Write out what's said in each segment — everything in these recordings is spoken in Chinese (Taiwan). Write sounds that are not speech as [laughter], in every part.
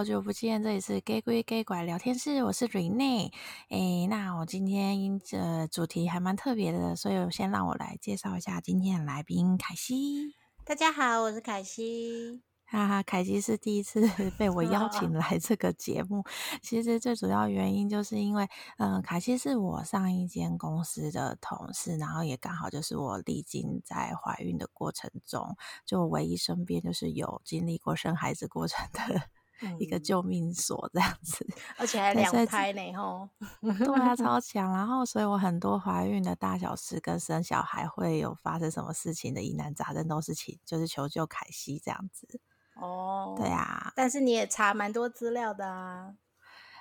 好久不見，這裡是假鬼假怪聊天室，我是 Rene。哎、欸，那我今天這主題還蠻特別的，所以先讓我來介紹一下今天的來賓凱西。大家好，我是凱西。哈哈、啊，凱西是第一次被我邀請來這個節目。 [laughs] 其實最主要原因就是因為，嗯、呃，凱西是我上一間公司的同事，然後也剛好就是我歷經在懷孕的過程中，就我唯一身邊就是有經歷過生孩子過程的。一個救命所這樣子，嗯、而且還兩胎內吼，是 [laughs] 對她、啊、超強。 [laughs] 然後，所以我很多懷孕的大小事跟生小孩會有發生什麼事情的疑難雜症，都是請就是求救凱西這樣子。哦，對啊，但是你也查蠻多資料的啊。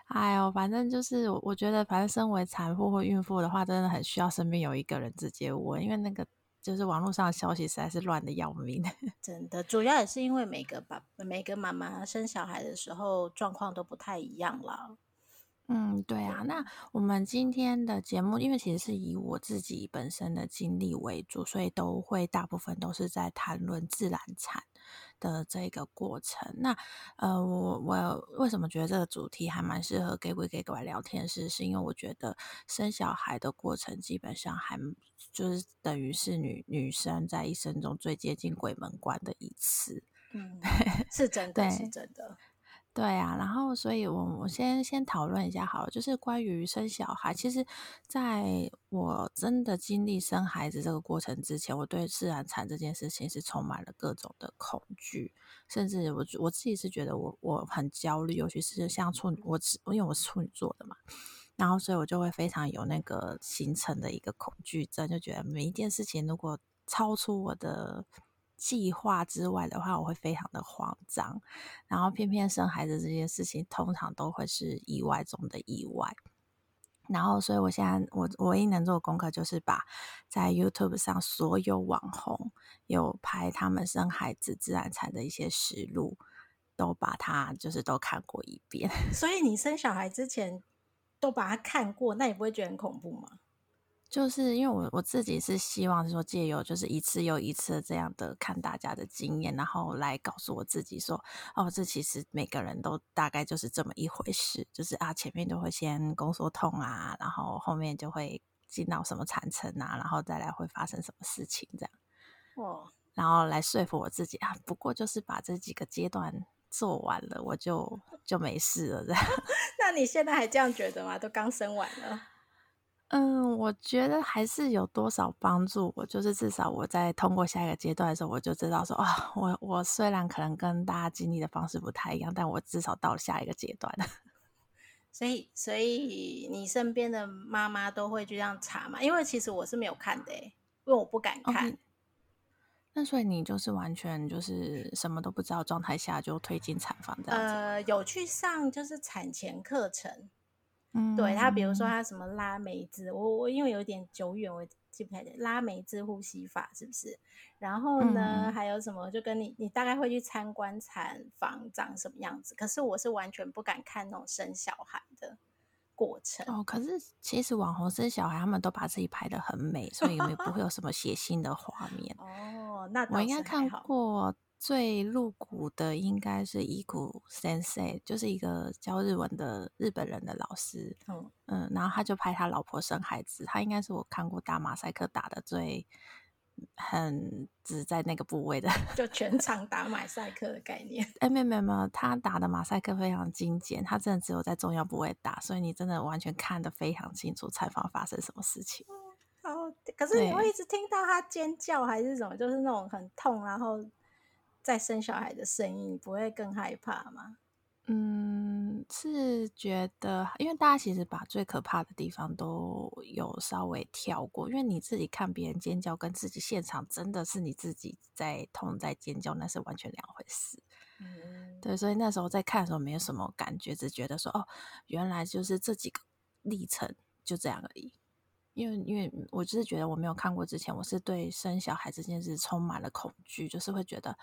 哎呦，反正就是我，覺得，反正身為產婦或孕婦的話，真的很需要身邊有一個人直接問，因為那個。就是網絡上消息實在是亂的要命，真的，主要也是因為每個爸、每個媽媽生小孩的時候狀況都不太一樣了。嗯，對啊。那我們今天的節目，因為其實是以我自己本身的經歷為主，所以都會大部分都是在談論自然產。的這個過程，那呃，我我為什麼覺得這個主題還蠻適合假鬼假怪聊天是，是因為我覺得生小孩的過程，基本上還就是等於是女女生在一生中最接近鬼門關的一次，嗯，對是真的，對是真的。對啊，然後所以我，我我先先討論一下好了，就是關於生小孩。其實，在我真的經歷生孩子這個過程之前，我對自然產這件事情是充滿了各種的恐懼，甚至我我自己是覺得我我很焦慮，尤其是像處女，我因為我是處女座的嘛，然後所以我就會非常有那個形成的一個恐懼症，就覺得每一件事情如果超出我的。計劃之外的話，我會非常的慌張。然後，偏偏生孩子這件事情，通常都會是意外中的意外。然後，所以我現在我我唯一能做的功課，就是把在 YouTube 上所有網紅有拍他們生孩子自然產的一些實錄，都把它就是都看過一遍。所以，你生小孩之前都把它看過，那你不會覺得很恐怖嗎？就是因為我我自己是希望說，借由就是一次又一次這樣的看大家的經驗，然後來告訴我自己說，哦，這其實每個人都大概就是這麼一回事，就是啊，前面都會先宮縮痛啊，然後後面就會進到什麼產程啊，然後再來會發生什麼事情這樣。哦，然後來說服我自己啊，不過就是把這幾個階段做完了，我就就沒事了。這樣， [laughs] 那你現在還這樣覺得嗎？都剛生完了。嗯，我覺得還是有多少幫助我。我就是至少我在通過下一個階段的時候，我就知道說啊，哦，我我雖然可能跟大家經歷的方式不太一樣，但我至少到了下一個階段。所以，所以你身邊的媽媽都會這樣查嘛？因為其實我是沒有看的欸，因為我不敢看。Okay. 那所以你就是完全就是什麼都不知道狀態下就推進產房的？呃，有去上就是產前課程。嗯、對他，比如說他什麼拉梅茲，我、嗯、我因為有點久遠，我記不太清拉梅茲呼吸法是不是？然後呢，嗯、還有什麼？就跟你，你大概會去參觀產房長什麼樣子？可是我是完全不敢看那種生小孩的過程。哦，可是其實網紅生小孩，他們都把自己拍得很美，所以也不會有什麼血腥的畫面。 [laughs] 哦，那我應該看過。最露骨的應該是伊古 sensei，就是一個教日文的日本人的老師。嗯，嗯，然後他就拍他老婆生孩子，他應該是我看過打馬賽克打得最很只在那個部位的，就全場打馬賽克的概念。哎、 [laughs] 欸，沒有沒有，他打的馬賽克非常精簡，他真的只有在重要部位打，所以你真的完全看得非常清楚，採訪發生什麼事情。哦、嗯，可是你會一直聽到他尖叫還是什麼？對就是那種很痛，然後在生小孩的聲音，你不會更害怕嗎？嗯，是覺得，因為大家其實把最可怕的地方都有稍微跳過，因為你自己看別人尖叫，跟自己現場真的是你自己在痛在尖叫，那是完全兩回事。嗯，對，所以那時候在看的時候，沒有什麼感覺，嗯、只覺得說哦，原來就是這幾個歷程就這樣而已。因為，因為我就是覺得我沒有看過之前，我是對生小孩這件事充滿了恐懼，就是會覺得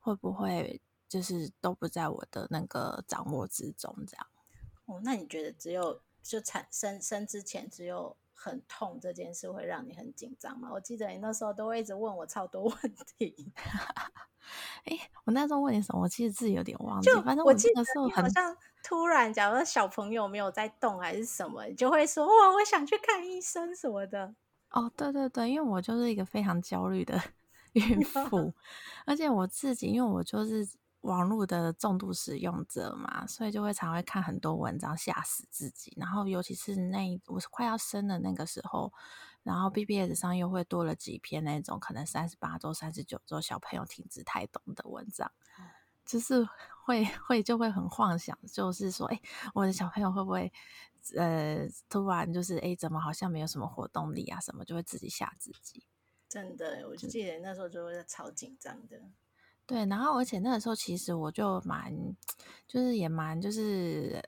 會不會就是都不在我的那個掌握之中，這樣。哦，那你覺得只有就產生生之前，只有很痛這件事會讓你很緊張嗎？我記得你那時候都會一直問我超多問題。哎， [laughs] 我那時候問你什麼？我其實自己有點忘記。就反正我，我記得那時候好像。突然，假如小朋友沒有在動還是什麼，你就會說：“哇，我想去看醫生什麼的。”哦，對對對，因為我就是一個非常焦慮的孕婦， [laughs] 而且我自己因為我就是網絡的重度使用者嘛，所以就會常會看很多文章嚇死自己。然後尤其是那一我快要生的那個時候，然後 BBS 上又會多了幾篇那種可能三十八週、三十九週小朋友停止胎動的文章，就是。會會就會很幻想，就是說，誒、欸，我的小朋友會不會，呃，突然就是，哎、欸，怎麼好像沒有什麼活動力啊，什麼就會自己嚇自己。真的，我就記得那時候就會超緊張的。對，然後而且那個時候其實我就蠻，就是也蠻就是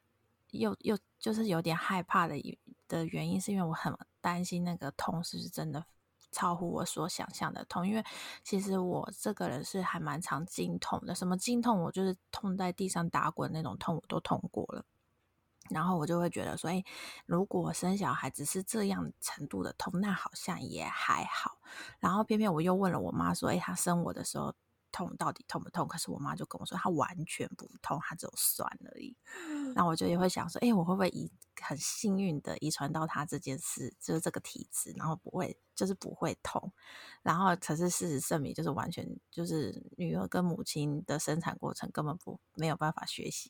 又又就是有點害怕的的，原因是因為我很擔心那個痛是不是真的。超乎我所想象的痛，因為其實我這個人是還蠻常經痛的，什麼經痛，我就是痛在地上打滾那種痛，我都痛過了。然後我就會覺得說，所以如果生小孩子是這樣程度的痛，那好像也還好。然後偏偏我又問了我媽，說：“誒，她生我的時候。”痛到底痛不痛？可是我媽就跟我說，她完全不痛，她只有酸而已。然後我就也會想說，哎、欸，我會不會遺很幸運的遺傳到她這件事，就是這個體質，然後不會就是不會痛。然後，可是事實證明，就是完全就是女兒跟母親的生產過程根本不沒有辦法學習，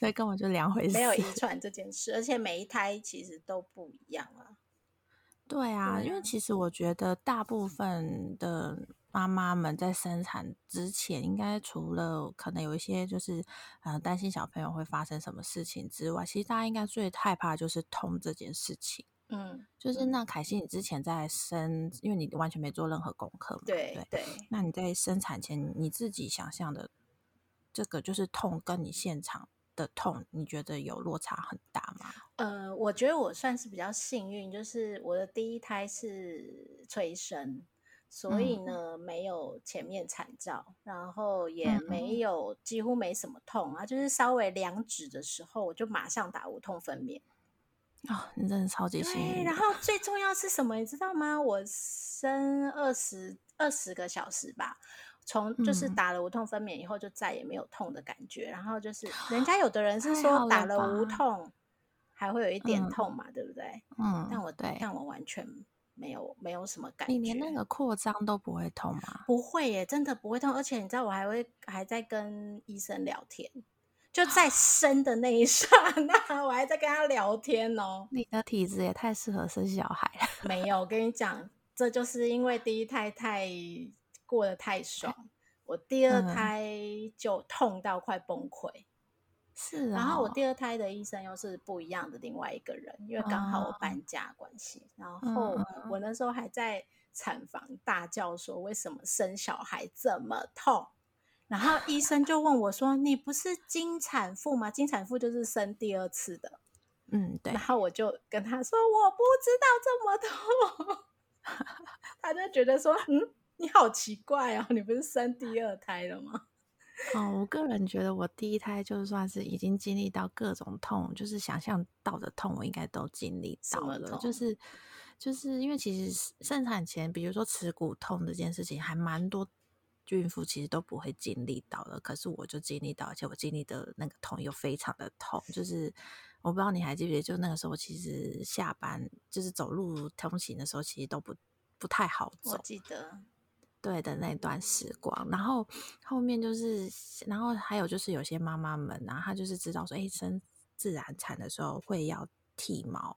所 [laughs] 以 [laughs] [laughs] 根本就兩回事。沒有遺傳這件事，而且每一胎其實都不一樣啊。對啊，嗯、因為其實我覺得大部分的。媽媽們在生產之前，應該除了可能有一些就是，嗯、呃，擔心小朋友會發生什麼事情之外，其實大家應該最害怕就是痛這件事情。嗯，就是那凱西你之前在生，因為你完全沒做任何功課嘛。對對。對對，那你在生產前，你自己想象的這個就是痛，跟你現場的痛，你覺得有落差很大嗎？呃，我覺得我算是比較幸運，就是我的第一胎是催生。所以呢，嗯、沒有前面產兆，然後也沒有、嗯、幾乎沒什麼痛啊，就是稍微兩指的時候，我就馬上打無痛分娩啊、哦！你真的超級幸運。然後最重要是什麼，你知道嗎？我生二十二十個小時吧，從就是打了無痛分娩以後，就再也沒有痛的感覺。然後就是人家有的人是說打了無痛了還會有一點痛嘛，嗯、對不對？嗯，嗯但我對，但我完全。沒有，沒有什麼感覺。你連那個擴張都不會痛嗎？不會耶，真的不會痛。而且你知道，我還會還在跟醫生聊天，就在生的那一剎那， [laughs] 我還在跟他聊天哦。你的體質也太適合生小孩了。 [laughs] 沒有，我跟你講，這就是因為第一胎太過得太爽，Okay. 我第二胎就痛到快崩潰。嗯是、哦，然後我第二胎的醫生又是不一樣的另外一個人，哦、因為剛好我搬家關係。然後我那時候還在產房大叫說：“為什麼生小孩這麼痛？”然後醫生就問我說：“啊、你不是經產婦嗎？經產婦就是生第二次的。”嗯，對。然後我就跟他說：“我不知道這麼痛。 [laughs] ”他就覺得說：“嗯，你好奇怪哦，你不是生第二胎了嗎？” [laughs] 哦，我個人覺得我第一胎就算是已經經歷到各種痛，就是想象到的痛，我應該都經歷到了。就是就是因為其實生產前，比如說恥骨痛這件事情，還蠻多孕婦其實都不會經歷到的。可是我就經歷到，而且我經歷的那個痛又非常的痛。就是我不知道你還記不記得，就那個時候其實下班就是走路通勤的時候，其實都不不太好走。我記得。對的那段時光，然後後面就是，然後還有就是有些媽媽們、啊，然後她就是知道說，哎、欸，生自然產的時候會要剃毛，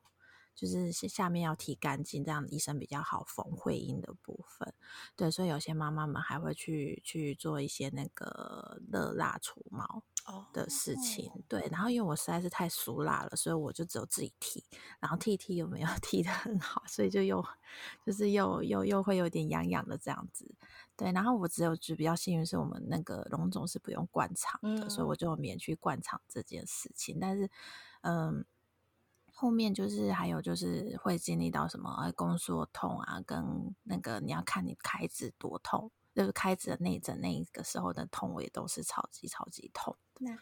就是下面要剃乾淨，這樣醫生比較好縫會陰的部分。對，所以有些媽媽們還會去去做一些那個熱蠟除毛。Oh. 的事情，對，然後因為我實在是太俗辣了，所以我就只有自己剃，然後剃剃又沒有剃得很好，所以就又就是又又又會有點癢癢的這樣子，對，然後我只有就比較幸運，是我們那個榮總是不用灌腸，mm hmm. 所以我就免去灌腸這件事情，但是，嗯，後面就是還有就是會經歷到什麼，哎，宮縮痛啊，跟那個你要看你開指多痛，就是開指的那一診那一個時候的痛，我也都是超級超級痛。那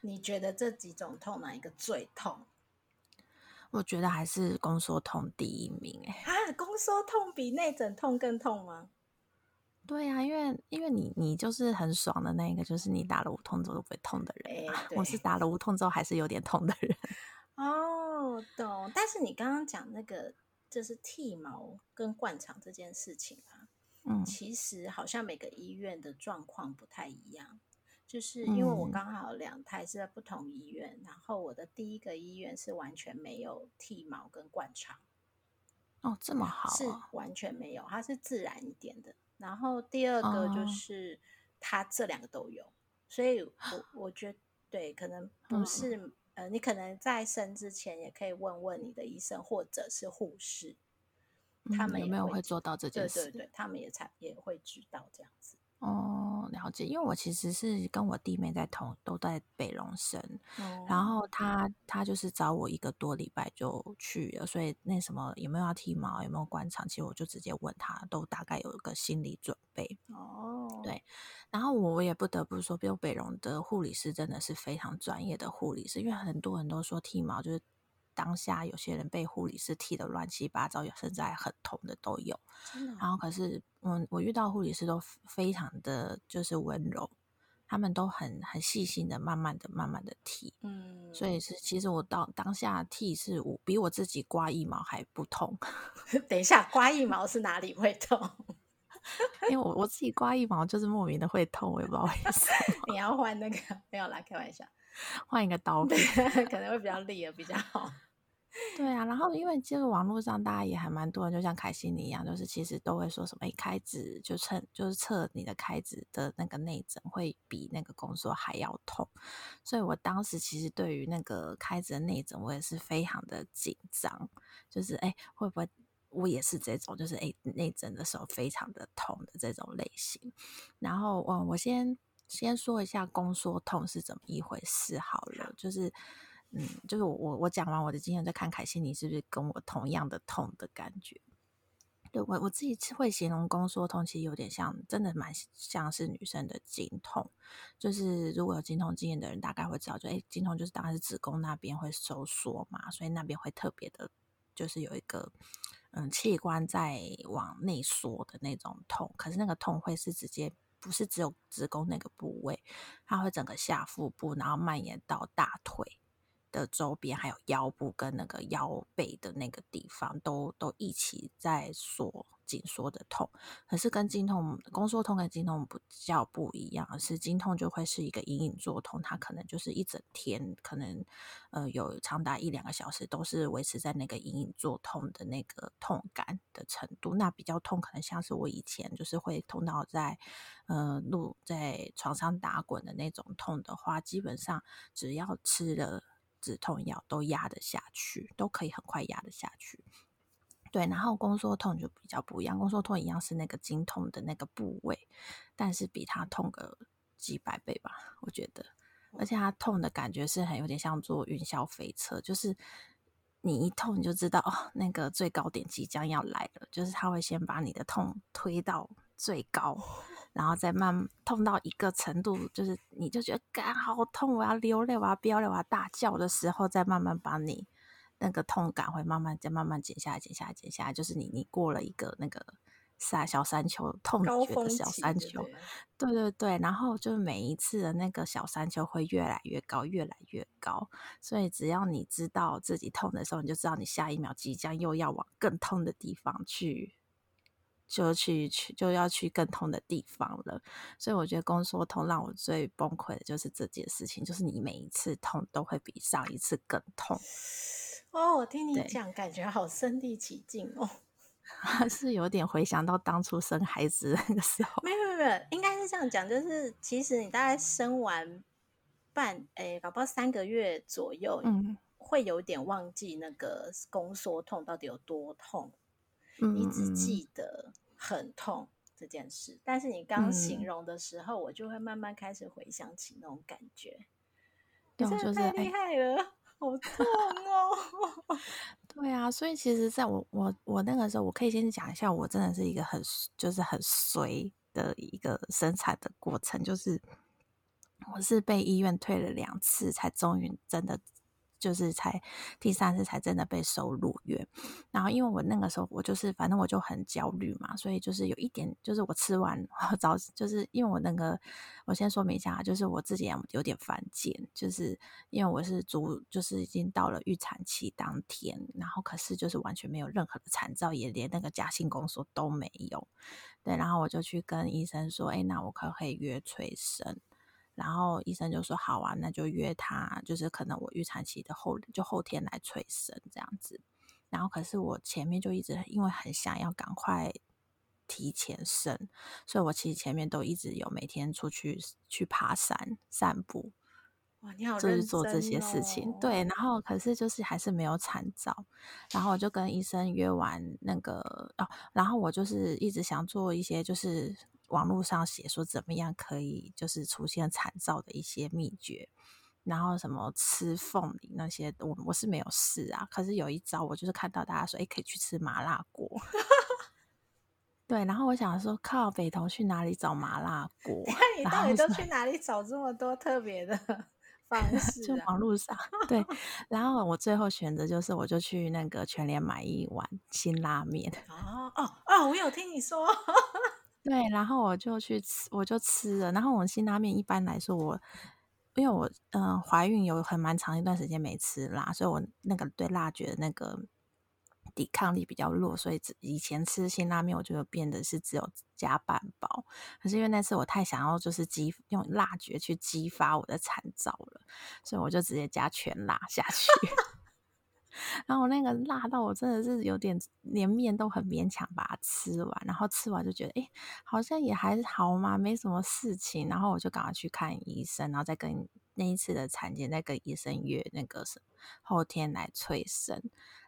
你覺得這幾種痛哪一個最痛？我覺得還是宮縮痛第一名哎、欸！啊，宮縮痛比內診痛更痛嗎？對呀、啊，因為因為你你就是很爽的那個，就是你打了無痛之後都不會痛的人、欸、我是打了無痛之後還是有點痛的人。哦，oh, 懂。但是你剛剛講那個就是剃毛跟灌腸這件事情啊，嗯，其實好像每個醫院的狀況不太一樣。就是因為我剛好兩胎是在不同醫院，嗯、然後我的第一個醫院是完全沒有剃毛跟灌腸。哦，這麼好！啊，是完全沒有，它是自然一點的。然後第二個就是他這兩個都有，哦、所以我我覺得對，可能不是，嗯、呃，你可能在生之前也可以問問你的醫生或者是護士，嗯，他們也有沒有會做到這件事？對，對，對，他們也才也會知道這樣子哦。了解，因為我其實是跟我弟妹在同都，在北榮生。哦、然後他、嗯、他就是找我一個多禮拜就去了，所以那什麼有沒有要剃毛，有沒有觀察，其實我就直接問他，都大概有一個心理準備哦。對，然後我也不得不說，比如北榮的護理師真的是非常專業的護理師，因為很多人都說剃毛就是。當下有些人被護理師剃的亂七八糟，有甚至還很痛的都有。嗯、然後可是我我遇到護理師都非常的就是溫柔，他們都很很細心的，慢慢的、慢慢的剃。嗯，所以是其實我到當下剃是我比我自己刮腋毛還不痛。等一下，刮腋毛是哪裡會痛？因 [laughs] 為、欸、我我自己刮腋毛就是莫名的會痛、欸，我也不好意思、喔。你要換那個沒有啦，開玩笑，換一個刀， [laughs] 可能會比較利的比較好。 [laughs] 對啊，然後因為這個網絡上大家也還蠻多人，就像凱西你一樣，就是其實都會說什麼，哎，開指就測就是測你的開指的那個內診會比那個宮縮還要痛，所以我當時其實對於那個開指的內診，我也是非常的緊張，就是哎，會不會我也是這種，就是哎內診的時候非常的痛的這種類型。然後，嗯，我先先說一下宮縮痛是怎麼一回事好了，就是。嗯，就是我我我講完我的經驗，再看凱西，你是不是跟我同樣的痛的感覺？對，我我自己會形容宮縮痛，其實有點像，真的蠻像是女生的經痛。就是如果有經痛經驗的人，大概會知道就，就哎，經痛就是當然是子宮那邊會收縮嘛，所以那邊會特別的，就是有一個嗯器官在往內縮的那種痛。可是那個痛會是直接，不是只有子宮那個部位，它會整個下腹部，然後蔓延到大腿。的週邊還有腰部跟那個腰背的那個地方都都都一起在縮，緊縮的痛。可是跟經痛，宮縮痛跟經痛比較不一樣，而是經痛就會是一個隱隱作痛，它可能就是一整天，可能呃有長達一兩個小時都是維持在那個隱隱作痛的那個痛感的程度。那比較痛，可能像是我以前就是會痛到在、呃、路在床上打滾的那種痛的話，基本上只要吃了。止痛藥都壓得下去，都可以很快壓得下去。對，然後宮縮痛就比較不一樣，宮縮痛一樣是那個經痛的那個部位，但是比它痛個幾百倍吧，我覺得。而且它痛的感覺是很有點像坐雲霄飛車，就是你一痛你就知道那個最高點即將要來了，就是他會先把你的痛推到。最高，然後再慢痛到一個程度，就是你就覺得，感，好痛、啊！我要流淚、啊，我要飆淚，我要大叫的時候，再慢慢把你那個痛感會慢慢再慢慢減下來、減下來、減下來。就是你，你過了一個那個小山小山丘痛的覺得小山丘，對對對。然後就是每一次的那個小山丘會越來越高、越來越高。所以只要你知道自己痛的時候，你就知道你下一秒即將又要往更痛的地方去。就去去就要去更痛的地方了，所以我覺得宮縮痛讓我最崩潰的就是這件事情，就是你每一次痛都會比上一次更痛。哦，我聽你講，對感覺好身臨其境哦。還 [laughs] 是有點回想到當初生孩子那個時候。沒有沒有，應該是這樣講，就是其實你大概生完半，哎、欸，寶寶三個月左右，嗯，會有點忘記那個宮縮痛到底有多痛。你只記得很痛這件事，嗯、但是你剛形容的時候，嗯、我就會慢慢開始回想起那種感覺。對就是。厲害了，好痛哦！ [laughs] 對啊，所以其實，在我我我那個時候，我可以先講一下，我真的是一個很就是很隨的一個生產的過程，就是我是被醫院退了兩次，才終於真的。就是才第三次才真的被收入院，然後因為我那個時候我就是反正我就很焦慮嘛，所以就是有一點就是我吃完我早就是因為我那個我先說明一下，就是我自己也有點犯賤，就是因為我是足就是已經到了預產期當天，然後可是就是完全沒有任何的產兆，也連那個假性宮縮都沒有，對，然後我就去跟醫生說，哎，那我可不可以約催生？然後醫生就說，好啊，那就約他，就是可能我預產期的後就後天來催生這樣子。然後可是我前面就一直因為很想要趕快提前生，所以我其實前面都一直有每天出去去爬山、散步，哇，你好認真哦、就是做這些事情，對。然後可是就是還是沒有產兆。然後我就跟醫生約完那個哦、啊，然後我就是一直想做一些就是。網絡上寫說怎麼樣可以就是出現產兆的一些秘訣，然後什麼吃鳳梨那些，我我是沒有試啊。可是有一招，我就是看到大家說，哎、欸，可以去吃麻辣鍋。 [laughs] 對，然後我想說，靠北投去哪裡找麻辣鍋？那你到底都去哪裡找這麼多特別的方式、啊？ [laughs] 就網絡上。對，然後我最後選擇就是，我就去那個全聯買一碗辛拉麵。哦哦哦，我有聽你說。 [laughs] 對，然後我就去吃，我就吃了。然後我辛拉麵一般來說我，我因為我嗯、呃、懷孕有很蠻長一段時間沒吃辣，所以我那個對辣椒的那個抵抗力比較弱，所以以前吃辛拉麵，我就變得是只有加半包。可是因為那次我太想要就是激用辣椒去激發我的產兆了，所以我就直接加全辣下去。 [laughs] 然後我那個辣到我真的是有點連麵都很勉強把它吃完，然後吃完就覺得誒，好像也還好嘛，沒什麼事情。然後我就趕快去看醫生，然後再跟那一次的產檢，再跟醫生約那個什麼後天來催生。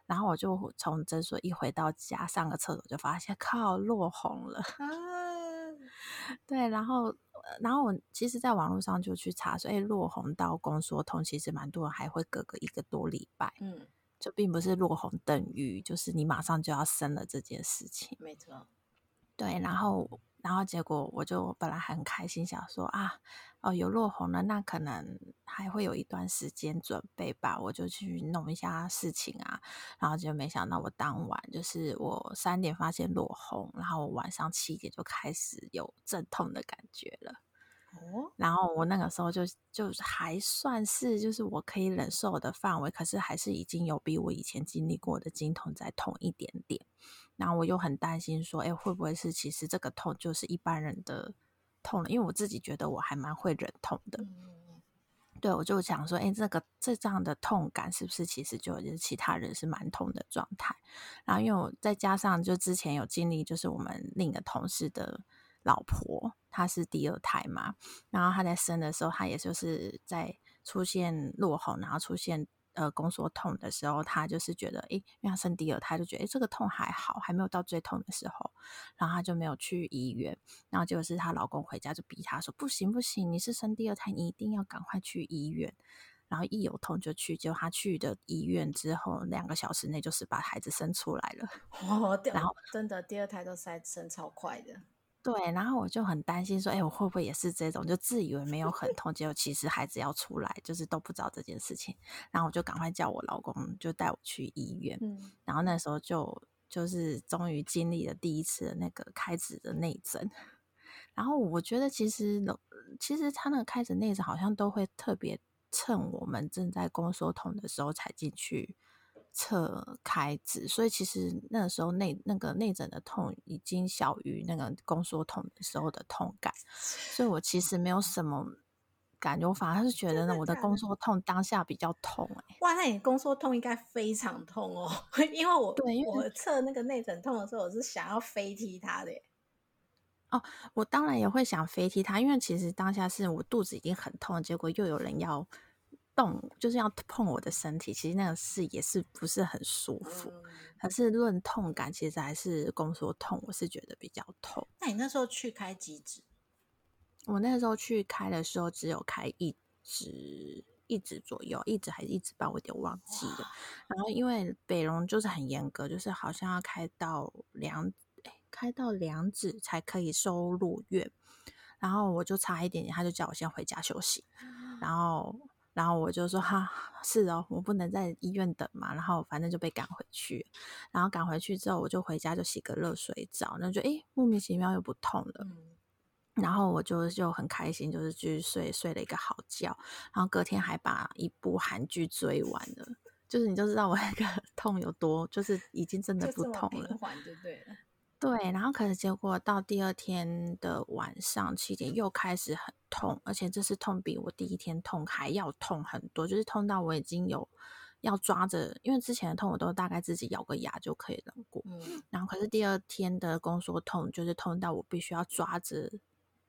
然後我就從診所一回到家，上個廁所就發現靠，落紅了。啊，對，然後然後我其實在網絡上就去查說，哎，落紅到宮縮痛，其實蠻多人還會隔個一個多禮拜，嗯。就並不是落紅等於就是你馬上就要生了這件事情，沒錯。對，然後然後結果我就本來還很開心，想說啊，哦，有落紅了，那可能還會有一段時間準備吧，我就去弄一下事情啊。然後就沒想到我當晚就是我三點發現落紅，然後我晚上七點就開始有陣痛的感覺了。哦，然後我那個時候就就還算是就是我可以忍受的範圍，可是還是已經有比我以前經歷過的經痛再痛一點點。然後我又很擔心說，哎、欸，會不會是其實這個痛就是一般人的痛了？因為我自己覺得我還蠻會忍痛的。對，我就想說，哎、欸，這個這樣的痛感是不是其實就、就是、其他人是蠻痛的狀態？然後因為再加上就之前有經歷，就是我們另一個同事的。老婆她是第二胎嘛，然後她在生的時候，她也就是在出現落紅，然後出現呃宮縮痛的時候，她就是覺得哎，要生第二胎，就覺得哎，這個痛還好，還沒有到最痛的時候，然後她就沒有去醫院，然後就是她老公回家就逼她說，不行不行，你是生第二胎，你一定要趕快去醫院，然後一有痛就去。就她去的醫院之後，兩個小時內就是把孩子生出來了。哇，然後、哦、然後真的第二胎都塞，生超快的。對，然後我就很擔心，說，哎、欸，我會不會也是這種，就自以為沒有很痛，結果其實孩子要出來，就是都不知道這件事情。然後我就趕快叫我老公，就帶我去醫院。然後那時候就就是終於經歷了第一次的那個開指的內診。然後我覺得其實，其實他那個開指內診好像都會特別趁我們正在宮縮痛的時候才進去。測開指，所以其實那時候內那個內診的痛已經小於那個宮縮痛的時候的痛感，所以我其實沒有什麼感覺，我反而是覺得呢， [laughs] 真的，真的，我的宮縮痛當下比較痛欸。哇，那你宮縮痛應該非常痛哦，喔，因為我對，因為我測那個內診痛的時候，我是想要飛踢他的。哦，我當然也會想飛踢他，因為其實當下是我肚子已經很痛，結果又有人要。就是要碰我的身體，其實那個事也是不是很舒服，可、嗯、是論痛感，其實還是宮縮痛，我是覺得比較痛。那你那時候去開幾指？我那時候去開的時候，只有開一指一指左右，一指還是一指半，我有點忘記了。哇然後因為北榮就是很嚴格，就是好像要開到兩、欸、開到兩指才可以收入院，然後我就差一點點，他就叫我先回家休息，哇然後。然後我就說，哈，是哦，我不能在醫院等嘛。然後反正就被趕回去，然後趕回去之後我就回家，就洗個熱水澡，那就誒，莫名其妙又不痛了，嗯、然後我就就很開心，就是去睡睡了一個好覺，然後隔天還把一部韓劇追完了， [laughs] 就是你就知道我那個痛有多，就是已經真的不痛了。就對，然後可是結果到第二天的晚上七點又開始很痛，而且這次痛比我第一天痛還要痛很多，就是痛到我已經有要抓着，因為之前的痛我都大概自己咬個牙就可以忍過。嗯，然後可是第二天的宮縮痛就是痛到我必須要抓着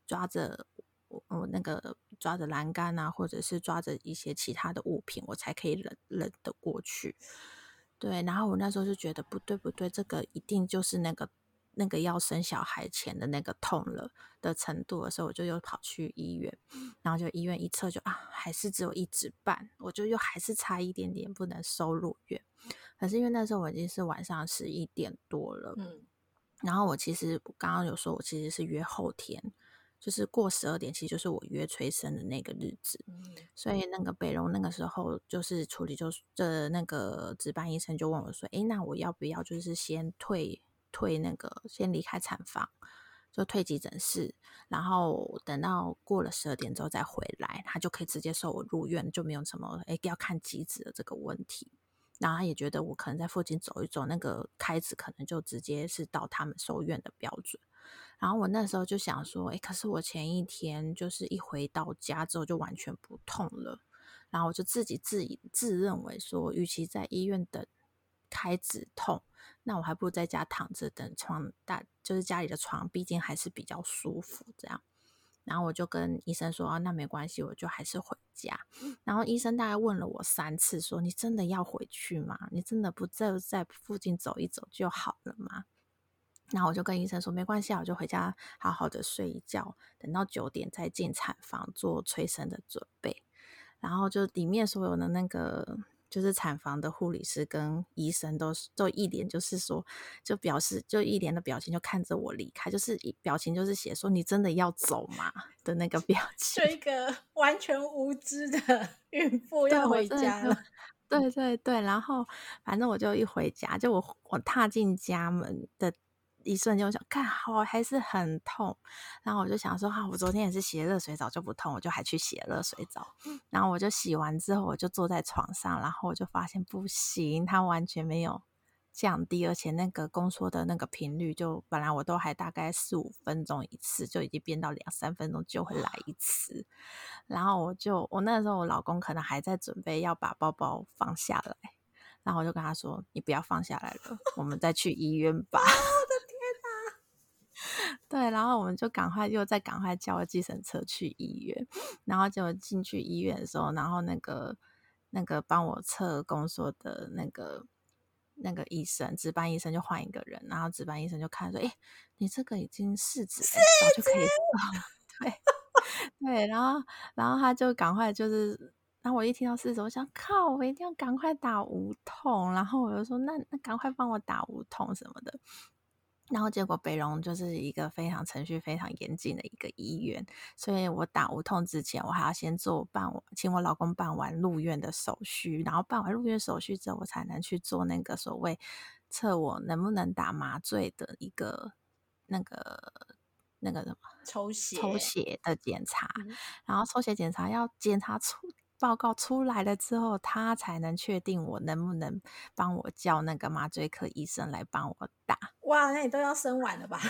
抓着我我、嗯、那個抓着欄杆啊，或者是抓着一些其他的物品，我才可以忍忍得過去。對，然後我那時候就覺得不對不對，這個一定就是那個。那個要生小孩前的那個痛了的程度的時候，我就又跑去醫院，然後就醫院一測就啊，還是只有一指半，我就又還是差一點點不能收入院。可是因為那時候我已經是晚上十一點多了，嗯，然後我其實剛剛有說，我其實是約後天，就是過十二點，其實就是我約催生的那個日子，嗯，所以那個北榮那個時候就是處理就，就是的，那個值班醫生就問我說：“哎，欸，那我要不要就是先退？”退那個先離開產房，就退急診室，然後等到過了十二點之後再回來，他就可以直接收我入院，就沒有什麼哎、欸、要看急診的這個問題。然後他也覺得我可能在附近走一走，那個開指可能就直接是到他們收院的標準。然後我那時候就想說，哎、欸，可是我前一天就是一回到家之後就完全不痛了，然後我就自己自以自認為說，與其在醫院等開止痛。那我還不如在家躺着，等床大，就是家裡的床，畢竟還是比較舒服。這樣，然後我就跟醫生說：“啊，那沒關係，我就還是回家。”然後醫生大概問了我三次，說：“你真的要回去嗎？你真的不再在附近走一走就好了嗎？”那我就跟醫生說：“沒關係，我就回家，好好的睡一覺，等到九點再進產房做催生的準備。”然後就裡面所有的那個。就是產房的護理師跟醫生都都一臉，就是說，就表示就一臉的表情，就看着我離開，就是表情就是寫說你真的要走嘛？的那個表情。 [laughs] 就一個完全無知的孕婦要回家了。對對對，對，然後反正我就一回家，就我我踏進家門的。一瞬間，我想看，我還是很痛。然後我就想說，哈、啊，我昨天也是洗熱水澡就不痛，我就還去洗熱水澡。然後我就洗完之後，我就坐在床上，然後我就發現不行，它完全沒有降低，而且那個宮縮的那個頻率就，就本來我都還大概四五分鐘一次，就已經變到兩三分鐘就會來一次。然後我就，我那個時候我老公可能還在準備要把包包放下來，然後我就跟他說，你不要放下來了， [laughs] 我們再去醫院吧。對，然後我們就趕快又再趕快叫了計程車去醫院，然後就進去醫院的時候，然後那個那個幫我測宮縮的那個那個醫生值班醫生就換一個人，然後值班醫生就看說：“誒、欸、你這個已經四指、欸，四指就可以做，對對。”然後然後他就趕快就是，然後我一聽到四指，我想靠，我一定要趕快打無痛，然後我就說：“那那趕快幫我打無痛什麼的。”然後結果，北榮就是一個非常程序、非常嚴謹的一個醫院，所以我打無痛之前，我還要先做辦請我老公辦完入院的手續，然後辦完入院手續之後，我才能去做那個所謂測我能不能打麻醉的一個那個那個什麼抽血、抽血的檢查，嗯、然後抽血檢查要檢查出。報告出來了之後，他才能確定我能不能幫我叫那個麻醉科醫生來幫我打。哇，那你都要生完了吧？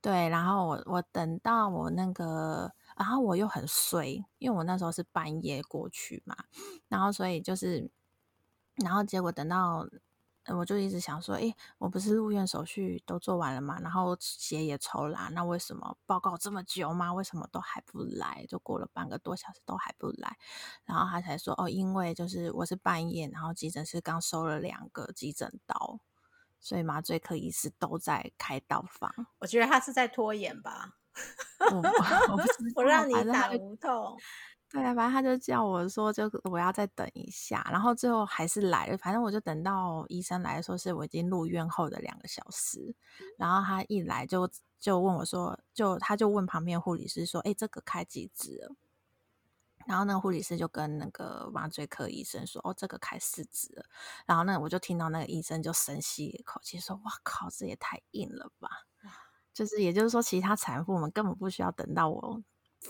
對，然後我我等到我那個，然後我又很衰，因為我那時候是半夜過去嘛，然後所以就是，然後結果等到。我就一直想說，哎、欸，我不是入院手續都做完了嘛，然後血也抽了、啊，那為什麼報告這麼久嗎？為什麼都還不來？就過了半個多小時都還不來，然後他才說，哦，因為就是我是半夜，然後急診室剛收了兩個急診刀，所以麻醉科醫師都在開刀房。我覺得他是在拖延吧。我 [laughs] [laughs] 我讓你打無痛。對啊，反正他就叫我說，就我要再等一下，然後最後還是來了。反正我就等到醫生來，說是我已經入院後的兩個小時。然後他一來就就問我說，就他就問旁邊護理師說：“哎、欸，這個開幾指？”然後那個護理師就跟那個麻醉科醫生說：“哦，這個開四指。”然後呢，我就聽到那個醫生就深吸一口氣說：“哇，靠，這也太硬了吧！”就是也就是說，其他產婦們根本不需要等到我。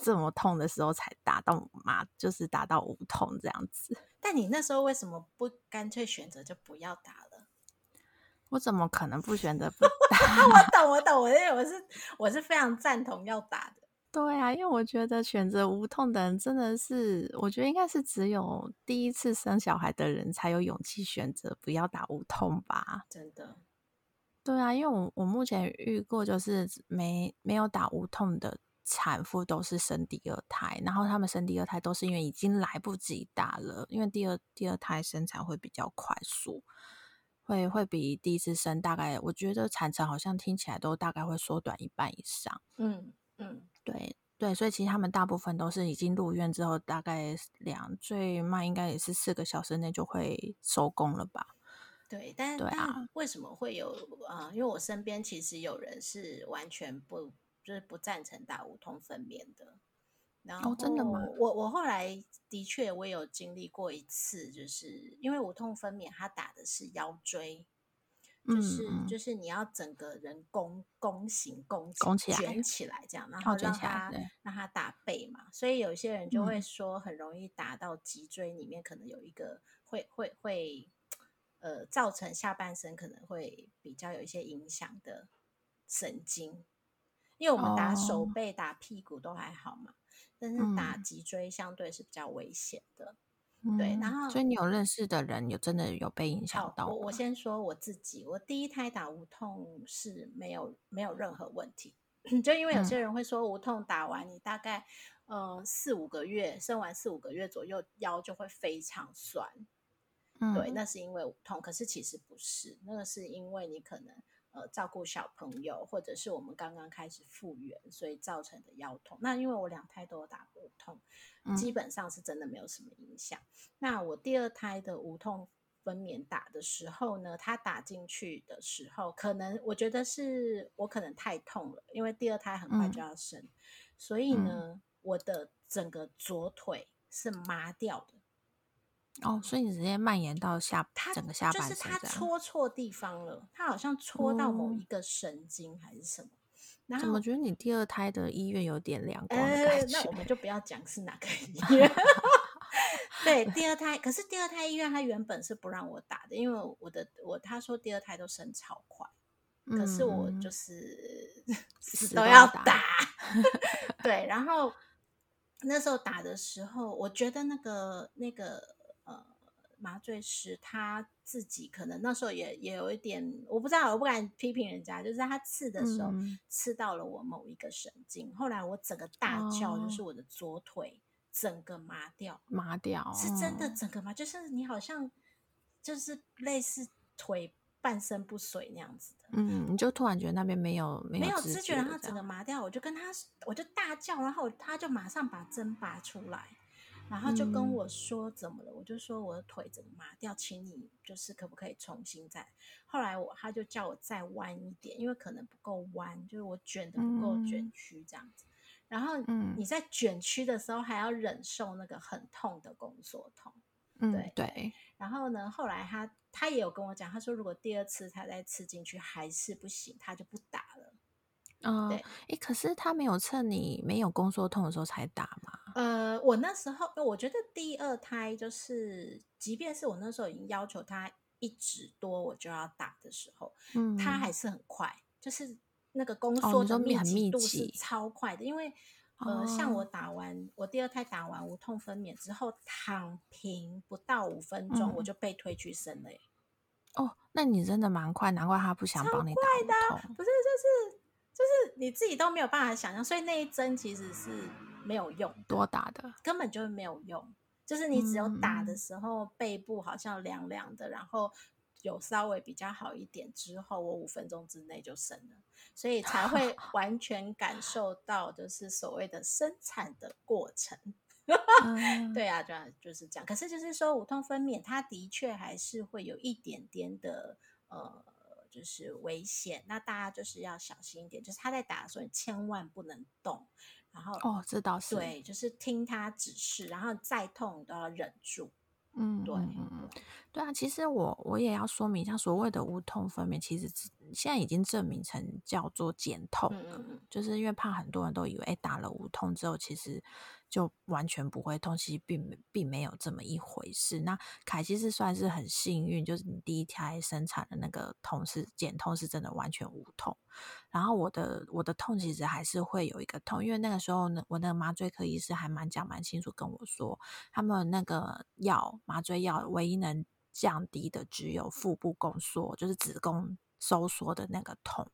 這麼痛的時候才打到馬、媽就是打到無痛這樣子。但你那時候為什麼不乾脆選擇就不要打了？我怎麼可能不選擇不打啊？ [laughs] 我懂我懂，我懂，因為我是我是非常贊同要打的。對啊，因為我覺得選擇無痛的人真的是，我覺得應該是只有第一次生小孩的人才有勇氣選擇不要打無痛吧？真的。對啊，因為我我目前遇過就是沒沒有打無痛的。產婦都是生第二胎，然後他們生第二胎都是因為已經來不及打了，因為第二第二胎生產會比較快速，會會比第一次生大概，我覺得產程好像聽起來都大概會縮短一半以上。嗯嗯，嗯對對，所以其實他們大部分都是已經入院之後，大概兩最慢應該也是四個小時內就會收工了吧？對，但對啊，為什麼會有啊，呃？因為我身邊其實有人是完全不。就是不贊成打無痛分娩的，然後、哦、真的嗎？我我後來的確我有經歷過一次，就是因為無痛分娩，他打的是腰椎，就是、嗯、就是你要整個人弓弓形弓起來，捲起來這樣，然後讓他讓他打背嘛，所以有些人就會說很容易打到脊椎裡面，可能有一個會、嗯、會會呃造成下半身可能會比較有一些影響的神經。因為我們打手背、打屁股都還好嘛，哦嗯、但是打脊椎相對是比較危險的。嗯、對，然後所以你有認識的人有真的有被影響到嗎？我我先說我自己，我第一胎打無痛是沒有沒有任何問題。 [coughs] 就因為有些人會說無痛打完你大概、嗯、呃四五個月生完四五個月左右腰就會非常酸，嗯、對，那是因為無痛，可是其實不是，那個是因為你可能。呃，照顧小朋友，或者是我們剛剛開始復原，所以造成的腰痛。那因為我兩胎都有打無痛，基本上是真的沒有什麼影響。嗯、那我第二胎的無痛分娩打的時候呢，他打進去的時候，可能我覺得是我可能太痛了，因為第二胎很快就要生，嗯、所以呢，嗯、我的整個左腿是麻掉的。哦，所以你直接蔓延到下，他它整個下半身。就是他戳錯地方了，他好像戳到某一個神經還是什麼？那我、嗯、後覺得你第二胎的醫院有點涼。呃，那我們就不要講是哪個醫院。 [laughs] [laughs] [laughs] 對，第二胎，可是第二胎醫院他原本是不讓我打的，因為我的我他說第二胎都生超快，可是我就是、嗯、哼 [laughs] 死都要打。 [laughs] [laughs] 對，然後那時候打的時候，我覺得那個那個。麻醉師，他自己可能那時候也也有一點，我不知道，我不敢批評人家。就是他刺的時候、嗯、刺到了我某一個神經，後來我整個大叫，哦、就是我的左腿整個麻掉，麻掉，嗯、是真的整個麻，就是你好像就是類似腿半身不遂那樣子的。嗯，你就突然覺得那邊沒有沒有知覺，然後整個麻掉，這樣、我就跟他我就大叫，然後他就馬上把針拔出來。然後就跟我說怎麼了，嗯、我就說我的腿怎麼麻掉，請你就是可不可以重新再。後來我他就叫我再彎一點，因為可能不夠彎，就是我捲的不夠捲曲這樣子。嗯、然後你在捲曲的時候還要忍受那個很痛的宮縮痛。對、嗯、對。嗯、對然後呢，後來他他也有跟我講，他說如果第二次他再刺進去還是不行，他就不打了。嗯，對，哎、欸，可是他沒有趁你沒有宮縮痛的時候才打嗎？呃，我那時候，我覺得第二胎就是，即便是我那時候已經要求他一指多我就要打的時候，嗯，他還是很快，就是那個宮縮的密集度是超快的，哦、因為呃，哦、像我打完我第二胎打完無痛分娩之後，躺平不到五分鐘、嗯、我就被推去生了。哦，那你真的蠻快，難怪他不想幫你打無痛、超快的、啊、不是就是。就是你自己都沒有辦法想象，所以那一針其實是沒有用，多打的根本就沒有用。就是你只有打的時候，背部好像涼涼的，嗯、然後有稍微比較好一點之後，我五分鐘之內就生了，所以才會完全感受到，就是所謂的生產的過程。 [laughs] 嗯、 [laughs] 對啊，就就是這樣。可是就是說，無痛分娩，它的確還是會有一點點的呃。就是危險，那大家就是要小心一點。就是他在打的時候，你千萬不能動。然後哦，這倒是對，就是聽他指示，然後再痛你都要忍住。嗯，對，嗯對啊。其實我我也要說明，一下所謂的無痛分娩，其實現在已經證明成叫做減痛，嗯，就是因為怕很多人都以為，欸、打了無痛之後，其實。就完全不會痛，其實並並沒有這麼一回事。那凱西是算是很幸運，就是你第一胎生產的那個痛是，減痛是真的完全無痛。然後我的我的痛其實還是會有一個痛，因為那個時候呢，我那個麻醉科醫師還蠻講蠻清楚跟我說，他們那個藥，麻醉藥唯一能降低的只有腹部宮縮，就是子宮收縮的那個痛。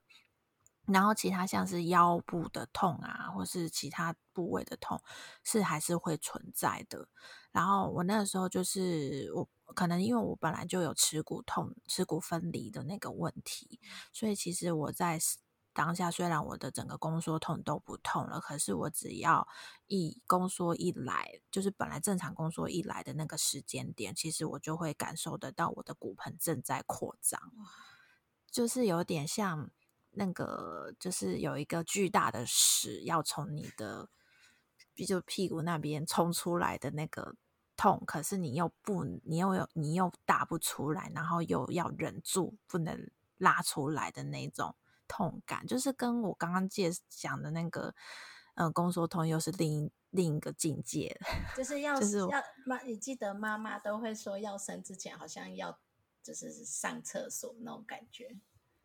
然後其他像是腰部的痛啊，或是其他部位的痛，是還是會存在的。然後我那個時候就是我可能因為我本來就有恥骨痛、恥骨分離的那個問題，所以其實我在當下雖然我的整個宮縮痛都不痛了，可是我只要一宮縮一來，就是本來正常宮縮一來的那個時間點，其實我就會感受得到我的骨盆正在擴張，就是有點像。那個就是有一個巨大的屎要從你的，比如屁股那邊衝出來的那個痛，可是你又不，你又有你又打不出來，然後又要忍住不能拉出來的那種痛感，就是跟我剛剛介講的那個，嗯、呃，宮縮痛又是另一另一個境界。就是要就是要媽，你記得媽媽都會說要生之前好像要就是上廁所那種感覺。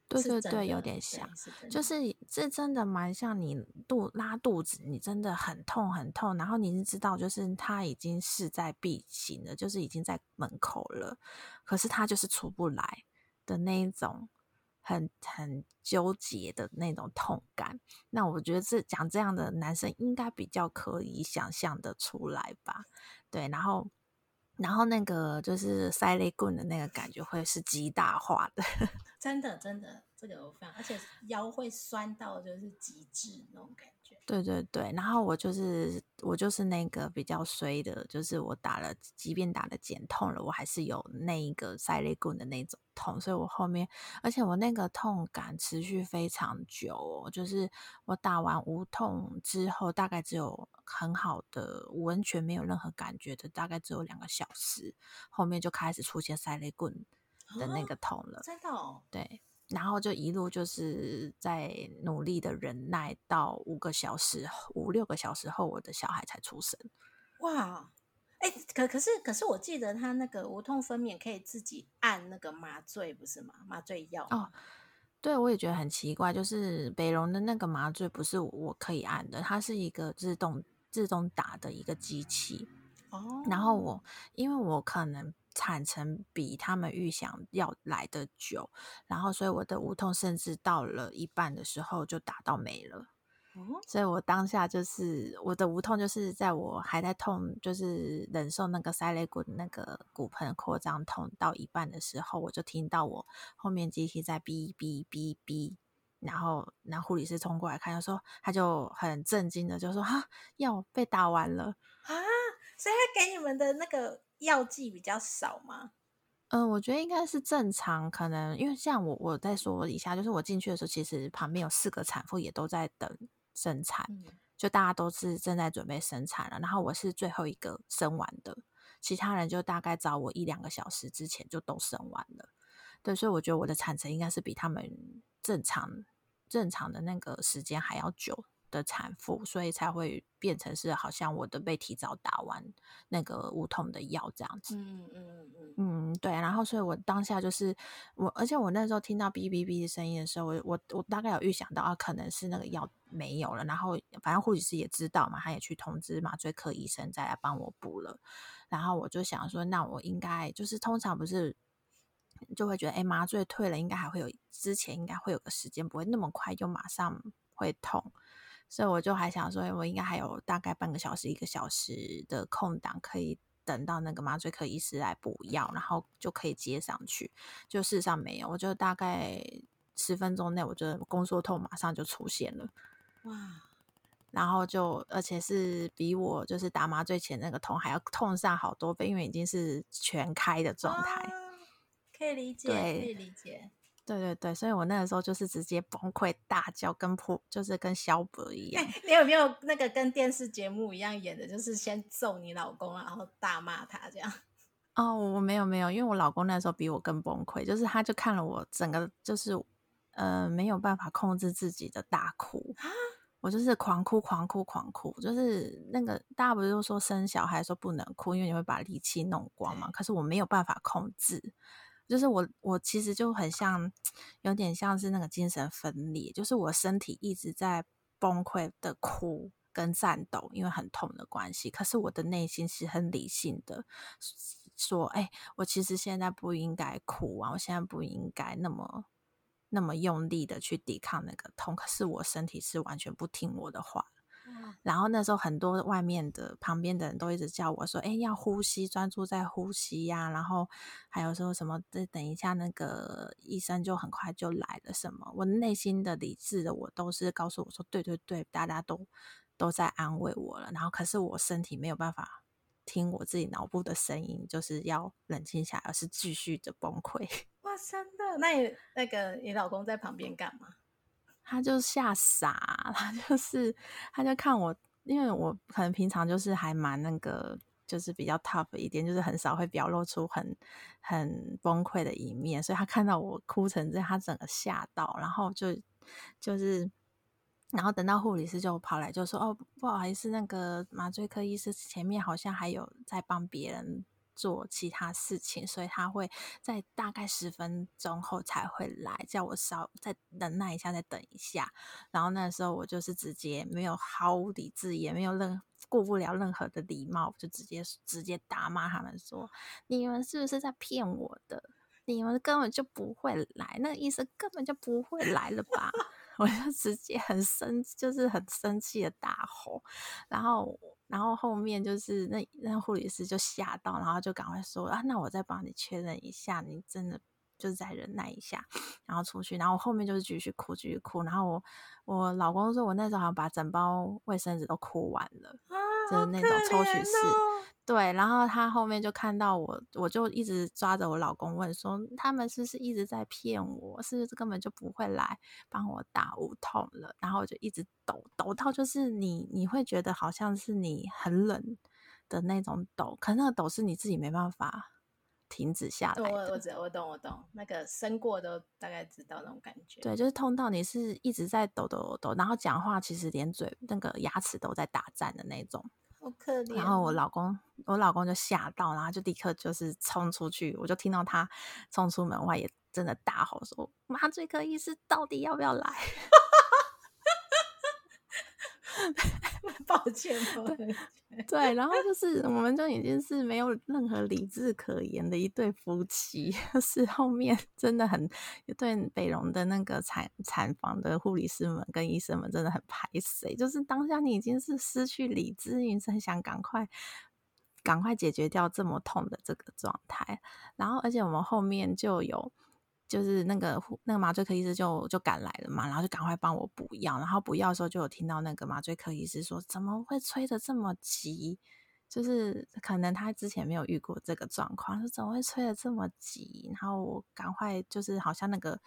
對對對，有點像，是就是這真的蠻像你肚，拉肚子，你真的很痛很痛，然後你是知道，就是他已經勢在必行了，就是已經在門口了，可是他就是出不來的那一種很，很很糾結的那種痛感。那我覺得這講這樣的男生應該比較可以想象的出來吧？對，然後。然後那個就是塞雷棍的那個感覺會是極大化的，真的真的，這個我犯，而且腰會酸到就是極致那種感覺。對對對，然後我就是我就是那個比較衰的，就是我打了，即便打了減痛了，我還是有那一個塞雷棍的那種痛，所以我後面，而且我那個痛感持續非常久，哦，就是我打完無痛之後，大概只有很好的，完全沒有任何感覺的，大概只有兩個小時，後面就開始出現塞雷棍的那個痛了，啊、真的、哦，對。然後就一路就是在努力的忍耐，到五個小時、五六個小時後，我的小孩才出生。哇，哎、欸，可可是可是，可是我記得他那個無痛分娩可以自己按那個麻醉，不是嗎？麻醉藥哦，對，我也覺得很奇怪，就是北榮的那個麻醉不是我，我可以按的，它是一個自動自動打的一個機器哦。然後我因為我可能。產程比他們預想要來得久，然後所以我的無痛甚至到了一半的時候就打到沒了，哦、所以我當下就是我的無痛就是在我還在痛，就是忍受那個塞肋骨的那個骨盆擴張痛到一半的時候，我就聽到我後面機器在嗶嗶嗶嗶，然後那護理師衝過來看，就說他就很震驚的就說，哈藥、啊、被打完了啊，所以他給你們的那個。藥劑比較少嗎？嗯，我覺得應該是正常，可能因為像我我再說一下，就是我進去的時候，其實旁邊有四個產婦也都在等生產，嗯、就大家都是正在準備生產了。然後我是最後一個生完的，其他人就大概早我一兩個小時之前就都生完了。對，所以我覺得我的產程應該是比他們正常正常的那個時間還要久。的產婦，所以才會變成是好像我的被提早打完那個無痛的藥這樣子。嗯嗯嗯嗯，對。然後，所以我當下就是我，而且我那時候聽到嗶嗶嗶的聲音的時候，我我大概有預想到啊，可能是那個藥沒有了。然後，反正護理師也知道嘛，他也去通知麻醉科醫生再來幫我補了。然後我就想說，那我應該就是通常不是就會覺得哎、欸、麻醉退了，應該還會有之前應該會有個時間，不會那麼快就馬上會痛。所以我就還想說，我應該還有大概半個小時、一個小時的空檔，可以等到那個麻醉科醫師來補藥，然後就可以接上去。就事實上沒有，我就大概十分鐘內，我覺得宮縮痛馬上就出現了。哇！然後就而且是比我就是打麻醉前那個痛還要痛上好多倍，因為已經是全開的狀態。可以理解，對，可以理解。對對對，所以我那個時候就是直接崩潰大叫跟、跟破就是跟蕭伯一樣、欸。你有沒有那個跟電視節目一樣演的，就是先揍你老公，然後大罵他這樣？哦，我沒有沒有，因為我老公那時候比我更崩潰，就是他就看了我整個就是呃沒有辦法控制自己的大哭蛤我就是狂哭狂哭狂哭，就是那個大家不是說生小孩說不能哭，因為你會把力氣弄光嘛，對可是我沒有辦法控制。就是我，我其實就很像，有點像是那個精神分裂。就是我身體一直在崩潰的哭跟戰鬥，因為很痛的關係。可是我的內心是很理性的，說：“哎、欸，我其實現在不應該哭啊，我現在不應該那麼那麼用力的去抵抗那個痛。”可是我身體是完全不聽我的話。然後那時候很多外面的旁邊的人都一直叫我說：“哎，要呼吸，專注在呼吸呀。”然後還有說什麼？等一下，那個醫生就很快就來了。什麼？我內心的理智的我都是告訴我說：“對對對，大家都都在安慰我了。”然後可是我身體沒有辦法聽我自己腦部的聲音，就是要冷靜下來，而是繼續的崩潰。哇，真的？那你那個你老公在旁邊幹嘛？他就嚇傻，他就是，他就看我，因為我可能平常就是還蠻那個，就是比較 tough 一點，就是很少會表露出很很崩潰的一面，所以他看到我哭成這樣，他整個嚇到，然後就就是，然後等到護理師就跑來就說：“哦，不好意思，那個麻醉科醫師前面好像還有在幫別人。”做其他事情，所以他會在大概十分鐘後才會來，叫我稍再忍耐一下，再等一下。然後那時候我就是直接沒有毫無理智，也沒有任顧不了任何的禮貌，就直接直接大罵他們說：“你們是不是在騙我的？你們根本就不會來，那個醫生根本就不會來了吧？” [laughs] 我就直接很生，就是很生氣的大吼，然後。然後後面就是那那護理師就嚇到，然後就趕快說啊，那我再幫你確認一下，你真的就是再忍耐一下，然後出去。然後我後面就是繼續哭，繼續哭。然後我我老公說，我那時候好像把整包衛生紙都哭完了。的那種抽取式，哦，對，然後他後面就看到我，我就一直抓着我老公問說，他們是不是一直在騙我，是不是根本就不會來幫我打無痛了，然後我就一直抖抖到就是你你會覺得好像是你很冷的那種抖，可那個抖是你自己沒辦法。停止下來我。我我我懂我懂，那個生過都大概知道那種感覺。對，就是痛到你是一直在抖抖抖抖，然後講話其實連嘴那個牙齒都在打顫的那種，oh, 可憐，然後我老公，我老公就嚇到，然後就立刻就是衝出去，我就聽到他衝出門外也真的大吼說：“麻醉科醫師到底要不要來？” [laughs] 抱歉，對，抱歉，對，然後就是我們就已經是沒有任何理智可言的一對夫妻， [laughs] 是後面真的很有對北榮的那個產產房的護理師們跟醫生們真的很排水，就是當下你已經是失去理智，你很想趕快趕快解決掉這麼痛的這個狀態，然後而且我們後面就有。就是那個那個麻醉科醫師就就趕來了嘛，然後就趕快幫我補藥，然後補藥的時候就有聽到那個麻醉科醫師說：“怎麼會催得這麼急？就是可能他之前沒有遇過這個狀況，他說怎麼會催得這麼急？”然後我趕快就是好像那個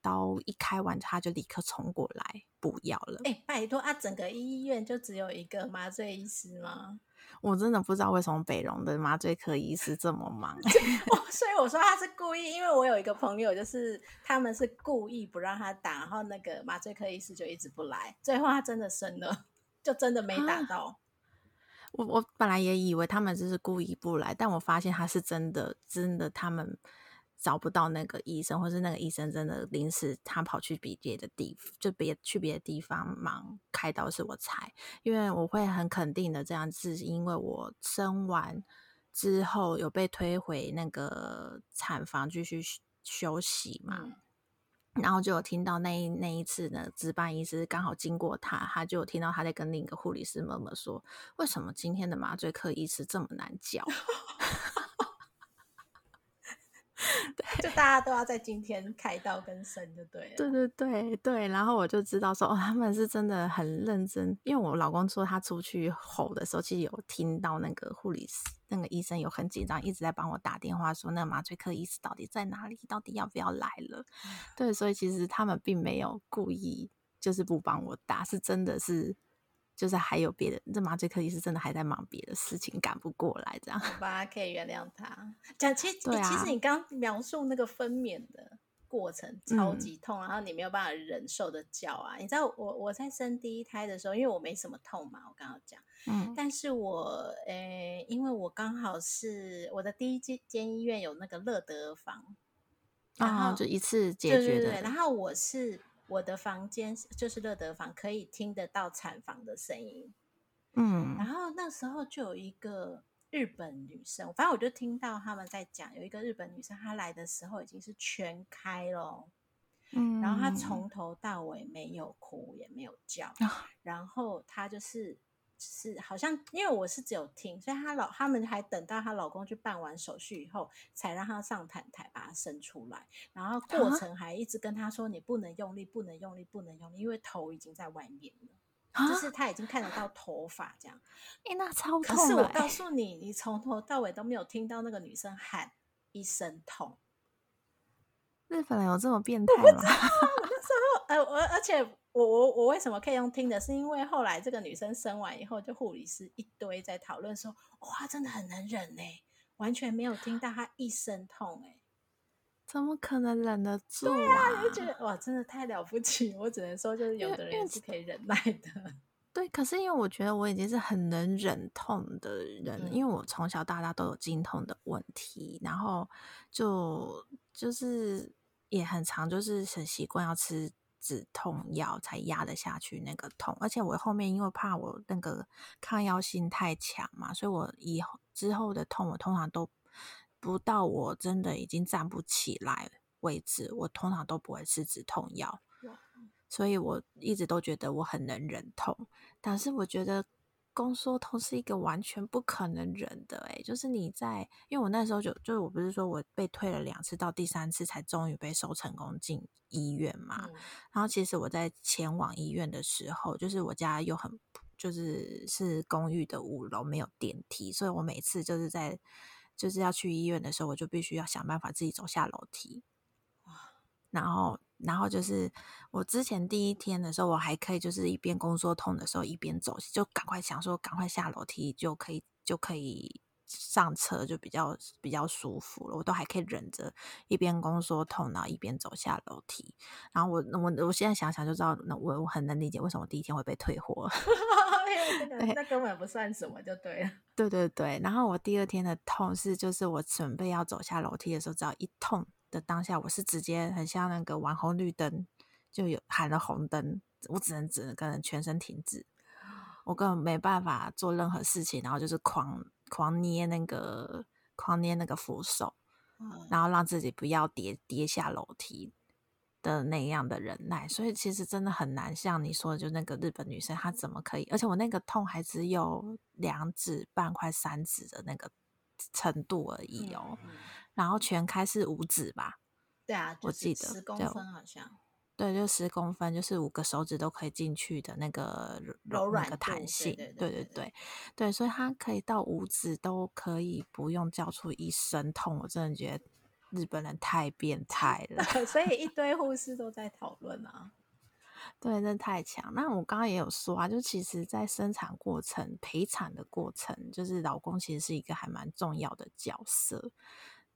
刀一開完，他就立刻衝過來補藥了。哎、欸，拜託啊，整個醫院就只有一個麻醉醫師嗎？我真的不知道為什麼北榮的麻醉科醫師這麼忙， [laughs] 所以我說他是故意。因為我有一個朋友，就是他們是故意不讓他打，然後那個麻醉科醫師就一直不來，最後他真的生了，就真的沒打到。啊、我我本來也以為他們就是故意不來，但我發現他是真的真的他們。找不到那個醫生，或是那個醫生真的臨時他跑去別的地，就別去別的地方忙開刀，是我猜，因為我會很肯定的這樣子，是因為我生完之後有被推回那個產房繼續休息嘛，嗯、然後就有聽到那一那一次呢，值班醫師剛好經過他，他就聽到他在跟另一個護理師媽媽說，為什麼今天的麻醉科醫師這麼難叫？ [laughs] [laughs] 就大家都要在今天開刀跟生就、就對對對對對，然後我就知道說、哦，他們是真的很認真。因為我老公說他出去後的時候，其實有聽到那個護理師、那個醫生有很緊張，一直在幫我打電話說，那個麻醉科醫師到底在哪裡？到底要不要來了？嗯、對，所以其實他們並沒有故意，就是不幫我打，是真的是。就是還有別的，這麻醉科醫師真的還在忙別的事情，趕不過來這樣。好吧，可以原諒他。講，其實，啊欸、其實你剛描述那個分娩的過程超級痛，嗯、然後你沒有辦法忍受的叫啊！你知道我我在生第一胎的時候，因為我沒什麼痛嘛，我剛剛講。嗯。但是我，誒、欸，因為我剛好是我的第一間間醫院有那個樂得兒房，然後、哦、就一次解決的。對對對對，然後我是。我的房間就是樂德房，可以聽得到產房的聲音。嗯，然後那時候就有一個日本女生，反正我就聽到他們在講，有一個日本女生，她來的時候已經是全開咯，嗯，然後她從頭到尾沒有哭也沒有叫，然後她就是。是，好像因為我是只有聽，所以她老他們還等到她老公去辦完手續以後，才讓她上產台把她生出來。然後過程還一直跟她說：“啊、你不能用力，不能用力，不能用力，因為頭已經在外面了，啊、就是她已經看得到頭髮這樣。”哎、欸，那超痛！可是我告訴你，你從頭到尾都沒有聽到那個女生喊一聲痛。日本人有這麼變態嗎？ [laughs] 我不知道我那時候，呃，我而且。我我我為什麼可以用聽的？是因為後來這個女生生完以後，就護理師一堆在討論說，哇，真的很能忍呢、欸，完全沒有聽到她一聲痛哎、欸，怎麼可能忍得住啊？我、啊、覺得哇，真的太了不起。我只能說，就是有的人是可以忍耐的。對，可是因為我覺得我已經是很能忍痛的人，嗯、因為我從小到大都有經痛的問題，然後就就是也很常就是很習慣要吃。止痛藥才壓得下去那個痛，而且我後面因為怕我那個抗藥性太強嘛，所以我以後之後的痛我通常都不到我真的已經站不起來為止，我通常都不會吃止痛藥，所以我一直都覺得我很能忍痛，但是我覺得。宮縮痛是一個完全不可能忍的，欸，誒就是你在，因為我那時候就就是我不是說我被退了兩次，到第三次才終於被收成功進醫院嘛。嗯、然後其實我在前往醫院的時候，就是我家又很就是是公寓的五樓沒有電梯，所以我每次就是在就是要去醫院的時候，我就必須要想辦法自己走下樓梯。然後，然後就是我之前第一天的時候，我還可以就是一邊宮縮痛的時候一邊走，就趕快想說趕快下樓梯就可以就可以上車，就比較比較舒服了。我都還可以忍着一邊宮縮痛，然後一邊走下樓梯。然後我我我現在想想就知道，那我我很能理解為什麼第一天會被退貨， [laughs] 對對那根本不算什麼，就對了。對對對，然後我第二天的痛是就是我準備要走下樓梯的時候，只要一痛。當下我是直接很像那個玩紅綠燈，就有喊了紅燈，我只能只能跟著，全身停止，我根本沒辦法做任何事情，然後就是狂狂捏那個狂捏那個扶手，然後讓自己不要跌跌下樓梯的那樣的忍耐，所以其實真的很難像你說的，就那個日本女生她怎麼可以？而且我那個痛還只有兩指半快三指的那個程度而已哦、喔。然後全開是五指吧？對啊，我記得十公分好像。對，就十公分，就是五個手指都可以進去的那個柔，柔軟的彈性。對對對對，所以它可以到五指都可以不用叫出一聲痛。我真的覺得日本人太變態了， [laughs] 所以一堆護士都在討論啊。 [laughs] 對，真的太強。那我剛剛也有說啊，就其實，在生產過程、陪產的過程，就是老公其實是一個還蠻重要的角色。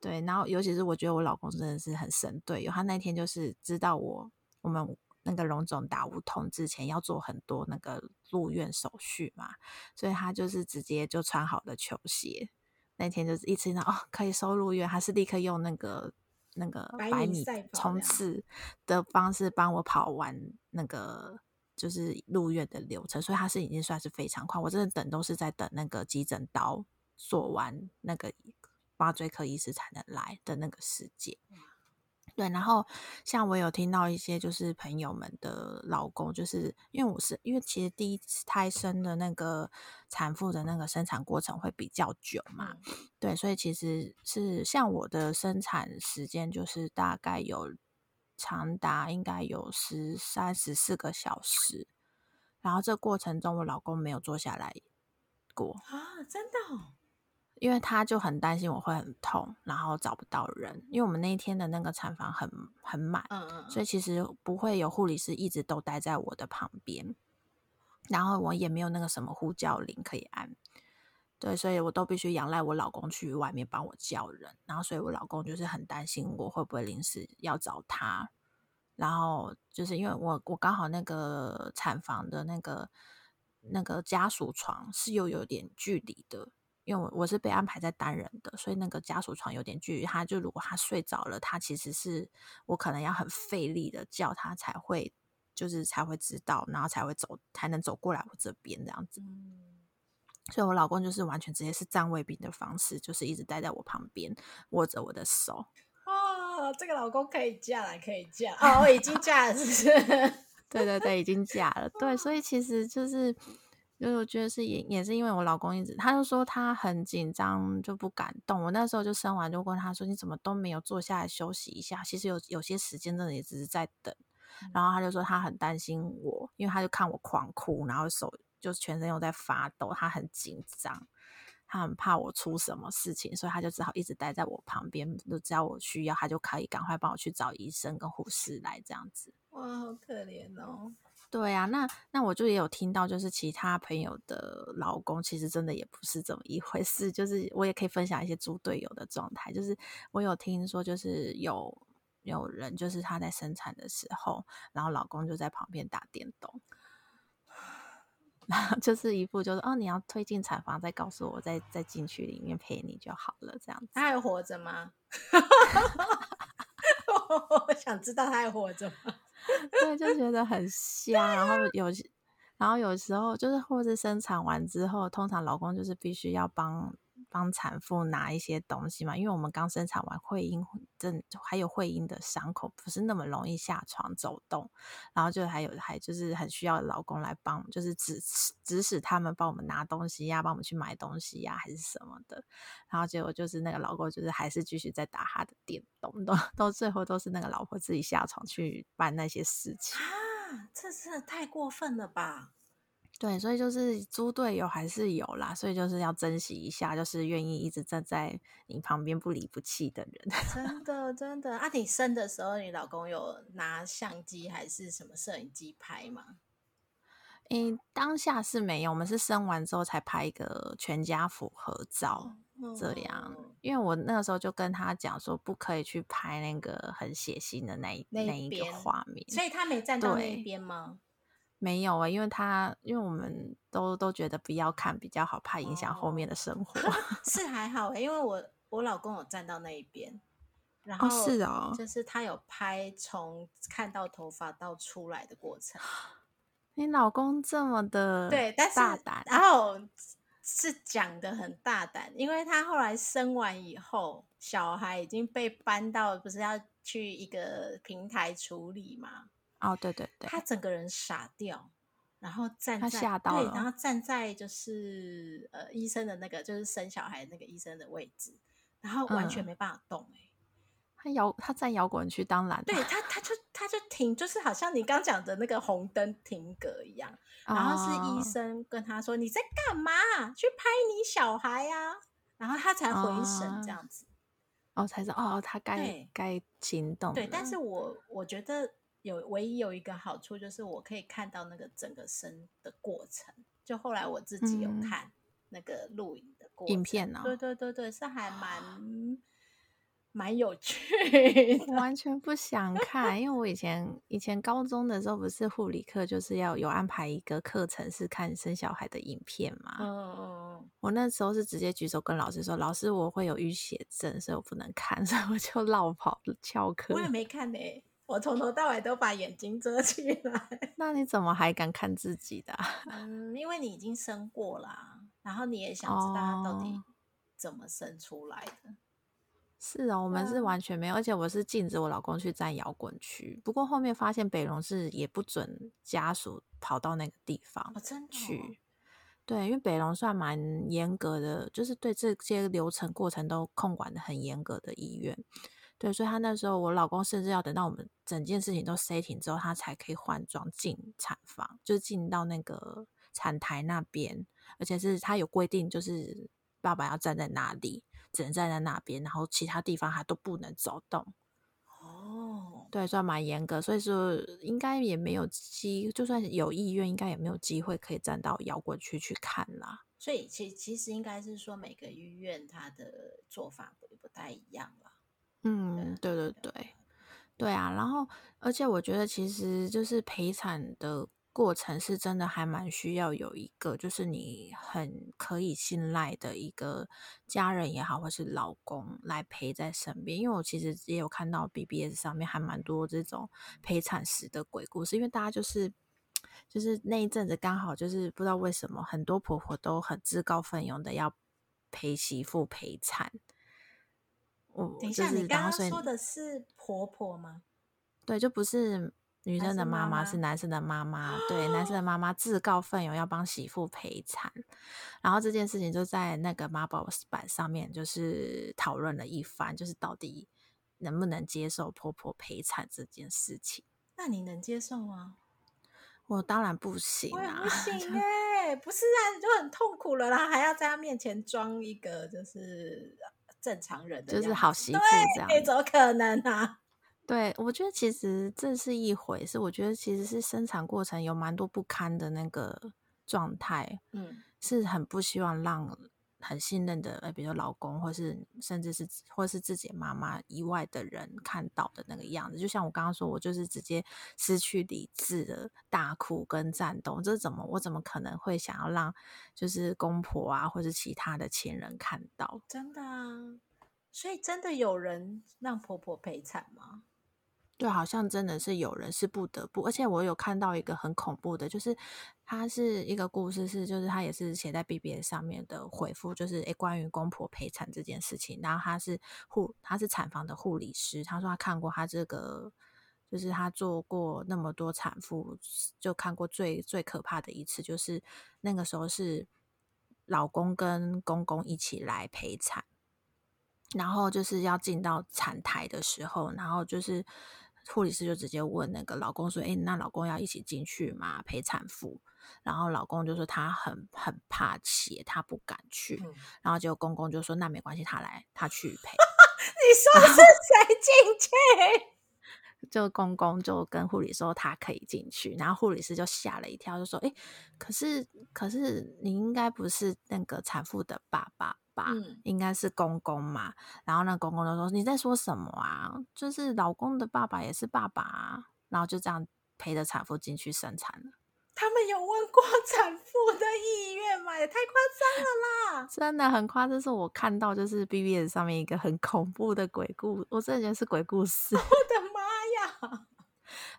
對，然後尤其是我覺得我老公真的是很神隊友。他那天就是知道我，我們那個榮總打無痛之前要做很多那個入院手續嘛，所以他就是直接就穿好了球鞋，那天就是一聽哦可以收入院，他是立刻用那個那個百米衝刺的方式幫我跑完那個就是入院的流程，所以他是已經算是非常快。我真的等都是在等那個急診刀做完那個，麻醉科醫師才能來的那個世界，對。然後像我有聽到一些就是朋友們的老公，就是因為我是因為其實第一胎生的那個產婦的那個生產過程會比較久嘛，對，所以其實是像我的生產時間就是大概有長達應該有十三十四個小時，然後這過程中我老公沒有坐下來過啊。真的哦？因為他就很擔心我會很痛，然後找不到人。因為我們那一天的那個產房很很滿，嗯嗯。所以其實不會有護理師一直都待在我的旁邊。然後我也沒有那個什麼呼叫鈴可以按，對，所以我都必須仰賴我老公去外面幫我叫人。然後，所以我老公就是很擔心我會不會臨時要找他。然後，就是因為我我剛好那個產房的那個那個家屬床是又有點距離的。因為我是被安排在單人的，所以那個家屬床有點距離。他就如果他睡着了，他其實是我可能要很費力的叫他才會，就是才會知道，然後才會走，才能走過來我這邊這樣子。所以，我老公就是完全直接是站衛兵的方式，就是一直待在我旁邊，握着我的手。哦，這個老公可以嫁了，可以嫁了。哦，我已經嫁了， [laughs] 是 [laughs] 對對對，已經嫁了。 [laughs] 對，所以其實就是。就是我覺得是也也是因為我老公一直，他就說他很緊張就不敢動。我那時候就生完就問他說：“你怎麼都沒有坐下來休息一下？”其實有有些時間真的也只是在等。然後他就說他很擔心我，因為他就看我狂哭，然後手就全身又在發抖，他很緊張，他很怕我出什麼事情，所以他就只好一直待在我旁邊，就只要我需要，他就可以趕快幫我去找醫生跟護士來這樣子。哇，好可憐哦。對啊，那那我就也有聽到，就是其他朋友的老公其實真的也不是這麼一回事。就是我也可以分享一些豬隊友的狀態。就是我有聽說，就是有有人，就是他在生產的時候，然後老公就在旁邊打電動，然後就是一副就是哦，你要推進產房，再告訴我，再再進去裡面陪你就好了這樣子。他還活着嗎？ [laughs] [laughs] 我，我想知道他還活着嗎？ [laughs] 對，就覺得很香。然後有，然後有時候就是，或者生產完之後，通常老公就是必須要幫。幫產婦拿一些東西嘛，因為我們剛生產完，會陰正還有會陰的傷口，不是那麼容易下床走動，然後就還有還就是很需要老公來幫，就是指指使他們幫我們拿東西呀、啊，幫我們去買東西呀、啊，還是什麼的。然後結果就是那個老公就是還是繼續在打他的電動，都都最後都是那個老婆自己下床去辦那些事情啊，這真的太過分了吧！對，所以就是豬隊友還是有啦，所以就是要珍惜一下，就是願意一直站在你旁邊不離不棄的人。真的，真的。啊，你生的時候，你老公有拿相機還是什麼攝影機拍嗎？哎、欸，當下是沒有，我們是生完之後才拍一個全家福合照，嗯嗯，這樣。因為我那個時候就跟他講說，不可以去拍那個很血腥的那那，邊那一個畫面，所以他沒站到對那一邊嗎？沒有啊、欸，因為他，因為我們都都覺得不要看比較好，怕影響後面的生活。哦、 [laughs] 是還好，因為我我老公有站到那一邊，然後哦是哦，就是他有拍從看到頭髮到出來的過程。你老公這麼的大膽。對，但是然後是講得很大膽，因為他後來生完以後，小孩已經被搬到，不是要去一個平台處理嘛。哦，oh, 對對對，他整個人傻掉，然後站在他嚇到，對，然後站在就是呃醫生的那個，就是生小孩的那個醫生的位置，然後完全沒辦法動哎、欸嗯。他搖，他站搖滾區，當然。對他他就他就停，就是好像你剛講的那個紅燈停格一樣。然後是醫生跟他說：“ oh. 你在幹嘛？去拍你小孩啊！”然後他才回神，oh. 這樣子，然後、oh, 才知哦，oh, 他該對該行動。對，但是我我覺得。有唯一，有一個好處，就是我可以看到那個整個生的過程。就後來我自己有看那個錄影的過、嗯、影片呢、哦，對對對對，是還蠻、嗯、蠻有趣。完全不想看，因為我以前 [laughs] 以前高中的時候不是護理課，就是要有安排一個課程是看生小孩的影片嘛。嗯嗯，我那時候是直接舉手跟老師說：“老師，我會有暈血症，所以我不能看。”所以我就落跑翹課。我也沒看誒。我從頭到尾都把眼睛遮起來， [laughs] [laughs] 那你怎麼還敢看自己的？啊？嗯，因為你已經生過了，啊，然後你也想知道他到底怎麼生出來的。哦、是啊、哦，我們是完全沒有，嗯、而且我是禁止我老公去站搖滾區。不過後面發現北榮是也不准家屬跑到那個地方，我真去。哦真哦、對，因為北榮算蠻嚴格的，就是對這些流程過程都控管的很嚴格的醫院。對，所以他那時候，我老公甚至要等到我們整件事情都 settle 之後，他才可以換裝進產房，就是、進到那個產台那邊。而且是他有規定，就是爸爸要站在哪裡，只能站在那邊，然後其他地方他都不能走動。哦，對，算蠻嚴格。所以說，應該也沒有機，就算有意願應該也沒有機會可以站到搖滾區去，去看啦。所以其，其其實應該是說，每個醫院他的做法不不太一樣了。嗯，對對對，對啊，然後而且我覺得其實就是陪產的過程是真的還蠻需要有一個，就是你很可以信賴的一個家人也好，或是老公來陪在身邊。因為我其實也有看到 BBS 上面還蠻多這種陪產時的鬼故事，因為大家就是就是那一陣子剛好就是不知道為什麼，很多婆婆都很自告奮勇的要陪媳婦陪產。我、嗯、等一下，是你剛剛說的是婆婆嗎？對，就不是女生的媽媽，是，媽媽是男生的媽媽。哦、對，男生的媽媽自告奮勇要幫媳婦陪產，然後這件事情就在那個媽寶板上面就是討論了一番，就是到底能不能接受婆婆陪產這件事情？那你能接受嗎？我當然不行啊，不行誒、欸，就不是啊，你就很痛苦了，啦還要在她面前裝一個就是。正常人就是好媳婦，這樣怎麼可能呢？啊。對，我覺得其實這是一回事，是我覺得其實是生產過程有蠻多不堪的那個狀態，嗯，是很不希望讓。很信任的，比如說老公，或是甚至是或是自己媽媽以外的人看到的那個樣子，就像我剛剛說，我就是直接失去理智的大哭跟戰鬥，這怎麼我怎麼可能會想要讓就是公婆啊，或是其他的親人看到？真的啊，所以真的有人讓婆婆陪產嗎？對，好像真的是有人是不得不，而且我有看到一個很恐怖的，就是。它是一個故事，是就是他也是寫在 BBS 上面的回復，就是、欸、關於公婆陪產這件事情，然後他是護，他是產房的護理師，他說他看過他這個，就是他做過那麼多產婦，就看過最最可怕的一次，就是那個時候是老公跟公公一起來陪產，然後就是要進到產台的時候，然後就是護理師就直接問那個老公說，誒，那老公要一起進去嗎？陪產婦？然後老公就說他很很怕血，他不敢去。嗯、然後結果公公就說那沒關係，他來他去陪。 [laughs] 你說是誰進去？就公公就跟護理說他可以進去。然後護理師就嚇了一跳，就說：“哎，可是可是你應該不是那個產婦的爸爸吧？嗯、應該是公公嘛。”然後那公公就說：“你在說什麼啊？就是老公的爸爸也是爸爸、啊。”然後就這樣陪着產婦進去生產了。他們有問過產婦的意願嗎？也太誇張了啦！真的很誇張，就是我看到就是 BBS 上面一個很恐怖的鬼故，我真的覺得是鬼故事。我的媽呀！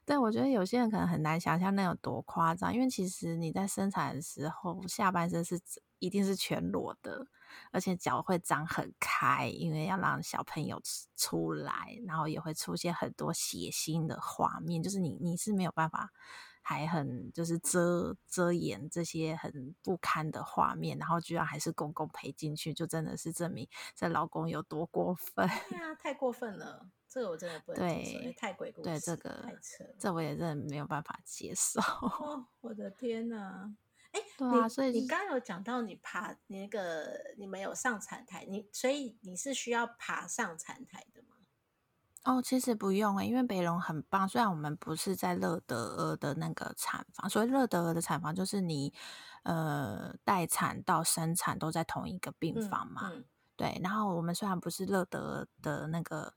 對，我覺得有些人可能很難想象那有多誇張，因為其實你在生產的時候，下半身是一定是全裸的，而且腳會張很開，因為要讓小朋友出來，然後也會出現很多血腥的畫面，就是你你是沒有辦法。還很就是遮遮掩這些很不堪的畫面，然後居然還是公公陪進去，就真的是證明這老公有多過分。對啊、哎，太過分了，這個我真的不能接受，對，因為太鬼故事，對這個太扯，這我也真的沒有辦法接受。哦、我的天哪、啊！哎、欸，對啊、你所以你剛剛有講到你爬你那個你沒有上產台，你所以你是需要爬上產台的嗎？哦，其實不用哎、欸，因為北龍很棒。雖然我們不是在樂得兒的那個產房，所以樂得兒的產房就是你呃待產到生產都在同一個病房嘛。嗯嗯、對，然後我們雖然不是樂得兒的那個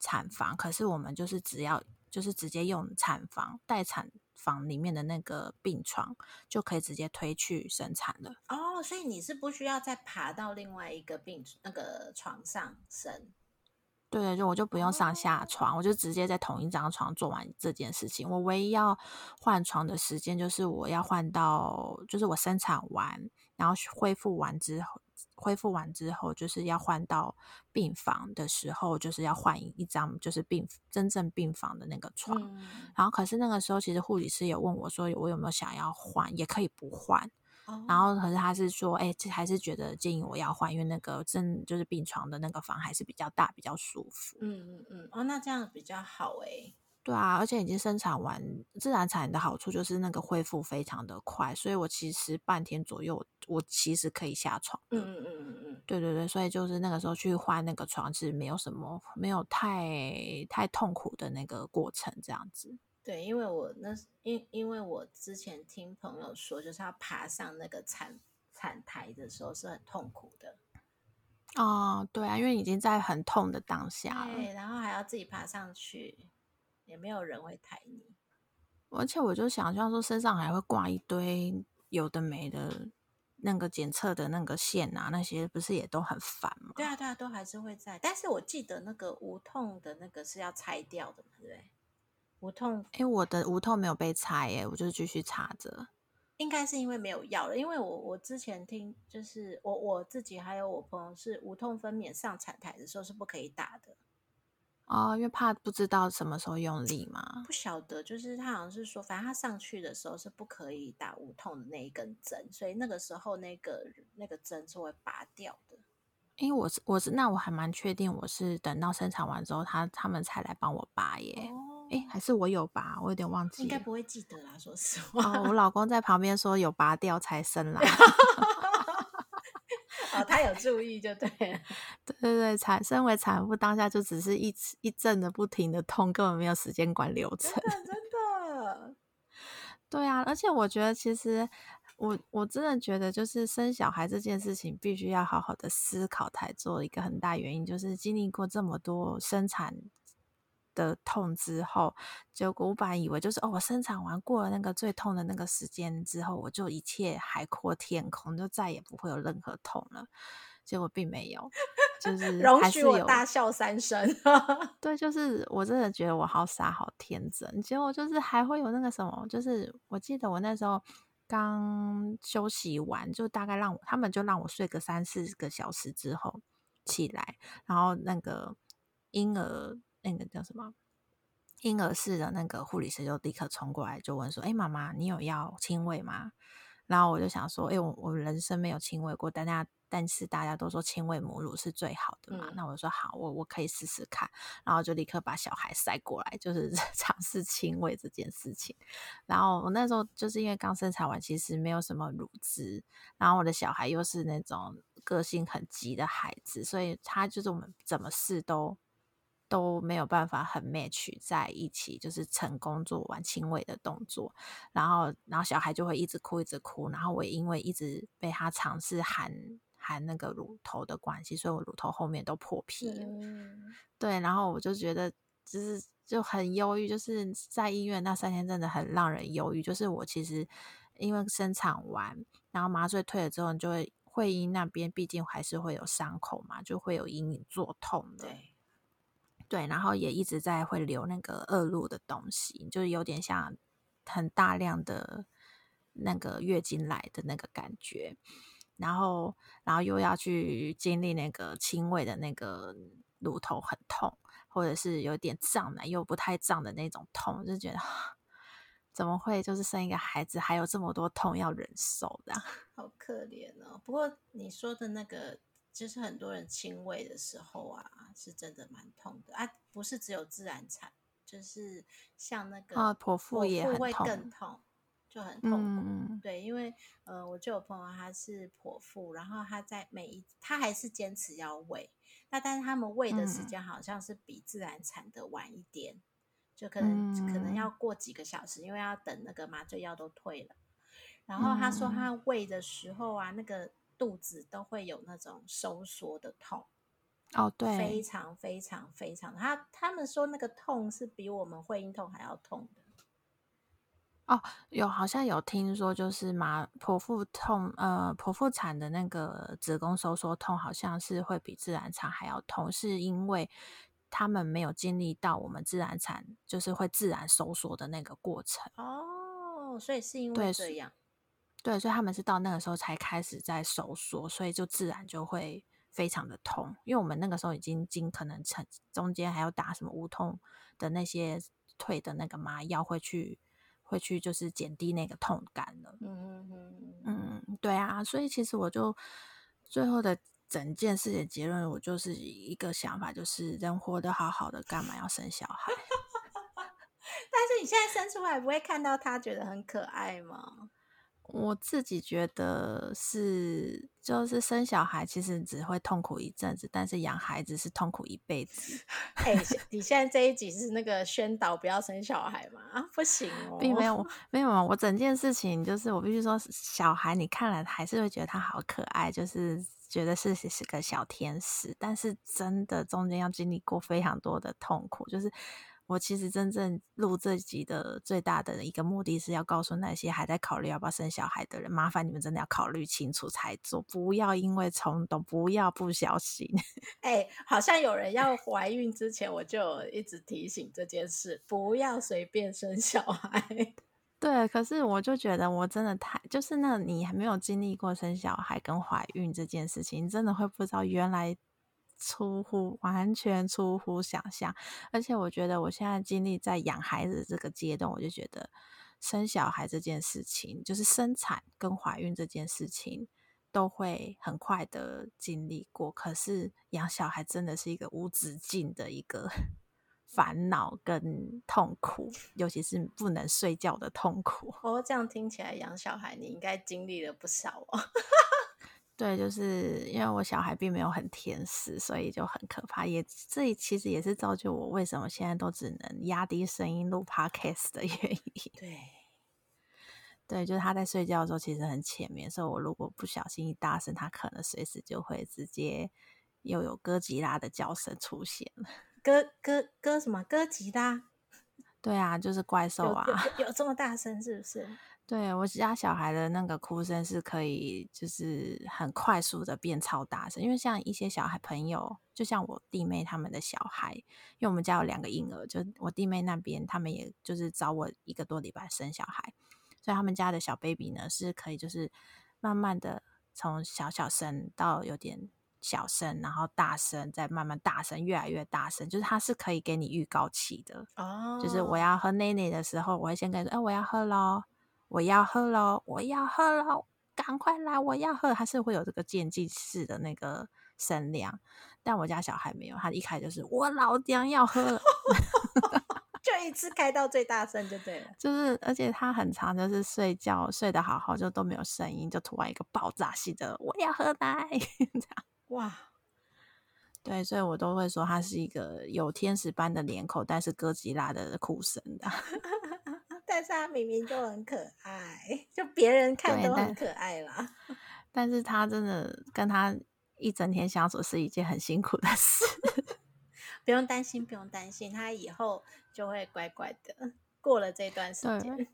產房，可是我們就是只要就是直接用產房待產房裡面的那個病床就可以直接推去生產了。哦，所以你是不需要再爬到另外一個病那個床上生？對，就我就不用上下床，我就直接在同一張床做完這件事情。我唯一要換床的時間，就是我要換到，就是我生產完，然後恢復完之後，恢復完之後，就是要換到病房的時候，就是要換一一張，就是病真正病房的那個床。嗯。然後，可是那個時候，其實護理師也問我說，我有沒有想要換，也可以不換。然後可是他是說，哎、欸，還是覺得建議我要換，因為那個正就是病床的那個房還是比較大，比較舒服。嗯嗯嗯。哦，那這樣比較好哎。對啊，而且已經生產完，自然產，產的好處就是那個恢復非常的快，所以我其實半天左右，我，我其實可以下床嗯。嗯嗯嗯嗯。嗯對對對，所以就是那個時候去換那個床，其實沒有什麼，沒有太太痛苦的那個過程，這樣子。對，因為我那因因為我之前聽朋友說，就是要爬上那個產產台的時候是很痛苦的。哦，對啊，因為已經在很痛的當下了。對，然後還要自己爬上去，也沒有人會抬你。而且我就想，像說身上還會掛一堆有的沒的，那個檢測的那個線啊，那些不是也都很煩嗎？對啊，對啊，都還是會在。但是我記得那個無痛的那個是要拆掉的，對不對？無痛，哎、欸，我的無痛沒有被拆耶，欸，我就繼續插着。應該是因為沒有藥了，因為我我之前聽，就是我我自己還有我朋友是無痛分娩上產台的時候是不可以打的，哦，因為怕不知道什麼時候用力嘛。不曉得，就是他好像是說，反正他上去的時候是不可以打無痛的那一根針，所以那個時候那個那個針是會拔掉的。哎、欸，我是我是那我還蠻確定，我是等到生產完之後他、他他們才來幫我拔耶，欸。哦哎、欸，還是我有拔？我有點忘記。應該不會記得啦，說實話。哦，我老公在旁邊說有拔掉才生啦。 [laughs] [laughs] [laughs] 哦，他有注意就對。 [laughs] 對對對，產身為產婦當下就只是一一陣的不停的痛，根本沒有時間管流程。真的。真的 [laughs] 對啊，而且我覺得，其實我我真的覺得，就是生小孩這件事情必須要好好的思考才做一個很大原因，就是經歷過這麼多生產。的痛之後，結果我本來以為就是哦，我生產完過了那個最痛的那個時間之後，我就一切海闊天空，就再也不會有任何痛了。結果並沒有，就是，還是容許我大笑三聲。 [laughs] 對，就是我真的覺得我好傻好天真。結果就是還會有那個什麼，就是我記得我那時候剛休息完，就大概讓我他們就讓我睡個三四個小時之後起來，然後那個嬰兒。那個、欸、叫什麼嬰兒室的那個護理師就立刻衝過來就問說：“哎，媽媽，你有要親餵嗎？”然後我就想說：“哎、欸，我人生沒有親餵過，但大家但是大家都說親餵母乳是最好的嘛。嗯”那我就說：“好，我我可以試試看。”然後就立刻把小孩塞過來，就是嘗試親餵這件事情。然後我那時候就是因為剛生產完，其實沒有什麼乳汁，然後我的小孩又是那種個性很急的孩子，所以他就是我們怎麼試都。都沒有辦法很 match 在一起，就是成功做完親餵的動作，然後，然後小孩就會一直哭，一直哭，然後我也因為一直被他嘗試含含那個乳頭的關係，所以我乳頭後面都破皮了。嗯、對，然後我就覺得就是就很憂鬱，就是在醫院那三天真的很讓人憂鬱。就是我其實因為生產完，然後麻醉退了之後，就會會陰那邊畢竟還是會有傷口嘛，就會有隱隱作痛的。對。對，然後也一直在會流那個惡露的東西，就是有點像很大量的那個月經來的那個感覺，然後，然後又要去經歷那個輕微的那個乳頭很痛，或者是有點脹奶又不太脹的那種痛，就覺得怎麼會就是生一個孩子還有這麼多痛要忍受的，好可憐哦。不過你說的那個。就是很多人親餵的時候啊，是真的蠻痛的啊，不是只有自然產，就是像那個啊，剖腹也痛，剖腹會更痛，就很痛苦。嗯、對，因為呃，我就有朋友他是剖腹，然後他在每一他還是堅持要餵，那但是他們餵的時間好像是比自然產的晚一點，嗯、就可能、嗯、可能要過幾個小時，因為要等那個麻醉藥都退了。然後他說他餵的時候啊，嗯、那個。肚子都會有那種收縮的痛，哦，對，非常非常非常，他他們說那個痛是比我們會陰痛還要痛的。哦，有好像有聽說，就是媽剖腹痛，呃，剖腹產的那個子宮收縮痛，好像是會比自然產還要痛，是因為他們沒有經歷到我們自然產就是會自然收縮的那個過程。哦，所以是因為這樣。對對，所以他們是到那個時候才開始在收縮，所以就自然就會非常的痛，因為我們那個時候已經盡可能成，中間還要打什麼無痛的那些腿的那個麻藥，會去會去就是減低那個痛感了。嗯嗯嗯嗯，對啊，所以其實我就最後的整件事的結論，我就是一個想法，就是人活得好好的，幹嘛要生小孩？ [laughs] 但是你現在生出來，不會看到他覺得很可愛嗎？我自己覺得是，就是生小孩其實只會痛苦一陣子，但是養孩子是痛苦一輩子。哎、欸， [laughs] 你現在這一集是那個宣導不要生小孩嗎？啊，不行哦，並沒有，沒有，沒有，我整件事情就是，我必須說，小孩你看了還是會覺得他好可愛，就是覺得是是個小天使，但是真的中間要經歷過非常多的痛苦，就是。我其實真正錄這集的最大的一個目的是要告訴那些還在考慮要不要生小孩的人，麻煩你們真的要考慮清楚才做，不要因為衝動，不要不小心。哎、 [laughs] 欸，好像有人要懷孕之前，我就一直提醒這件事，不要隨便生小孩。 [laughs] 對，可是我就覺得，我真的太就是，那你還沒有經歷過生小孩跟懷孕這件事情，你真的會不知道原來。出乎，完全出乎想象而且我覺得我現在經歷在養孩子這個階段，我就覺得生小孩這件事情，就是生產跟懷孕這件事情都會很快的經歷過。可是養小孩真的是一個無止境的一個煩惱跟痛苦，尤其是不能睡覺的痛苦。哦，這樣聽起來養小孩你應該經歷了不少哦。 [laughs] 對，就是因為我小孩並沒有很甜食，所以就很可怕。也這其實也是造就我為什麼現在都只能壓低聲音錄 podcast 的原因。對，對，就是他在睡覺的時候其實很前面，所以我如果不小心一大聲，他可能隨時就會直接又有歌吉拉的叫聲出現了。哥哥哥什麼哥吉拉？對啊，就是怪獸啊，有有，有這麼大聲是不是？對我家小孩的那個哭聲是可以，就是很快速的變超大聲，因為像一些小孩朋友，就像我弟妹他們的小孩，因為我們家有兩個嬰兒，就我弟妹那邊他們也就是找我一個多禮拜生小孩，所以他們家的小 baby 呢，是可以就是慢慢的從小小聲到有點小聲，然後大聲，再慢慢大聲，越來越大聲，就是他是可以給你預告期的哦，Oh. 就是我要喝奶奶的時候，我會先跟你說，哎，我要喝咯！我要喝咯，我要喝咯，趕快來！我要喝！他是會有這個漸進式的那個聲量，但我家小孩沒有，他一開就是我老娘要喝了，就一次開到最大聲就對了。就是，而且他很常，就是睡覺睡得好好就都沒有聲音，就突然一個爆炸式的我要喝奶這樣哇！對，所以我都會說他是一個有天使般的臉孔，但是哥吉拉的哭聲的。 [laughs] 但是他、啊、明明就很可愛，就別人看都很可愛啦。但是他真的跟他一整天相處是一件很辛苦的事。 [laughs] 不用擔心，不用擔心，他以後就會乖乖的，過了這段時間。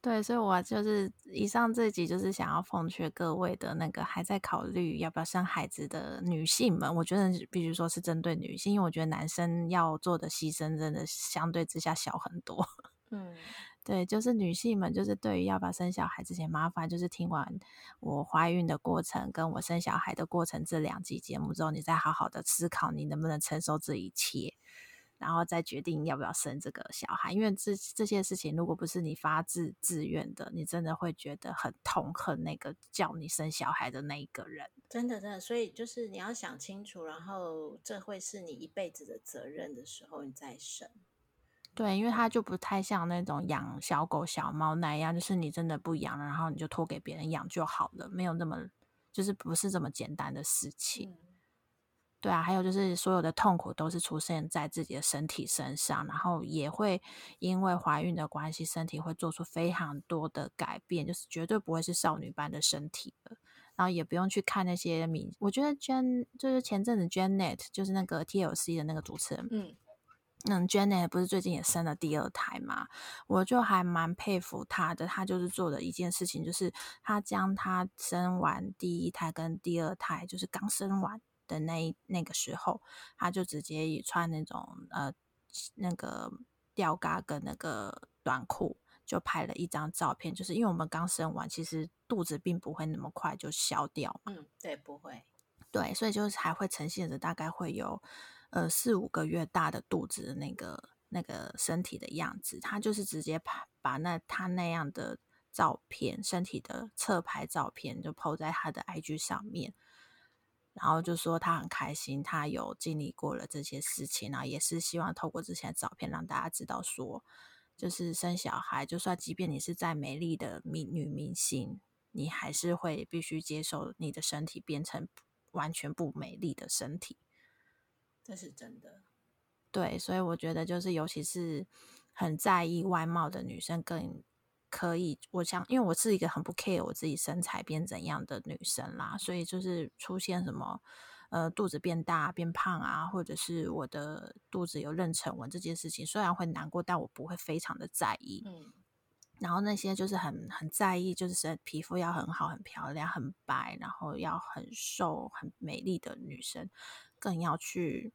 對，所以，我就是以上這集就是想要奉勸各位的那個還在考慮要不要生孩子的女性們。我覺得，必須說，是針對女性，因為我覺得男生要做的犧牲，真的相對之下小很多。嗯。對，就是女性們，就是對於要不要生小孩之前，麻煩就是聽完我懷孕的過程跟我生小孩的過程這兩集節目之後，你再好好的思考，你能不能承受這一切，然後再決定要不要生這個小孩。因為這這些事情，如果不是你發自自願的，你真的會覺得很痛恨那個叫你生小孩的那一個人。真的，真的。所以就是你要想清楚，然後這會是你一輩子的責任的時候，你再生。對，因為它就不太像那種養小狗、小貓那樣，就是你真的不養了，然後你就托給別人養就好了，沒有那麼，就是不是這麼簡單的事情。嗯、對啊，還有就是所有的痛苦都是出現在自己的身體身上，然後也會因為懷孕的關係，身體會做出非常多的改變，就是絕對不會是少女般的身體了。然後也不用去看那些名，我覺得 Jane 就是前陣子 Janet，就是那個 TLC 的那個主持人，嗯。嗯 Janet 不是最近也生了第二胎嘛？我就還蠻佩服她的，她就是做的一件事情，就是她將她生完第一胎跟第二胎，就是剛生完的那一那個時候，她就直接也穿那種呃那個吊嘎跟那個短褲，就拍了一張照片。就是因為我們剛生完，其實肚子並不會那麼快就消掉嘛，嗯、對，不會，對，所以就是還會呈現着，大概會有。呃，四五個月大的肚子，那個那個身體的樣子，他就是直接拍，把那他那樣的照片，身體的側拍照片就拋在他的 IG 上面，然後就說他很開心，他有經歷過了這些事情，然後也是希望透過這些照片讓大家知道說，說就是生小孩，就算即便你是再美麗的明女明星，你還是會必須接受你的身體變成完全不美麗的身體。這是真的，對，所以我覺得就是，尤其是很在意外貌的女生更可以。我想，因為我是一個很不 care 我自己身材變怎樣的女生啦，嗯，所以就是出現什麼呃肚子變大、變胖啊，或者是我的肚子有妊娠紋這件事情，雖然會難過，但我不會非常的在意。嗯，然後那些就是很很在意，就是皮膚要很好、很漂亮、很白，然後要很瘦、很美麗的女生。更要去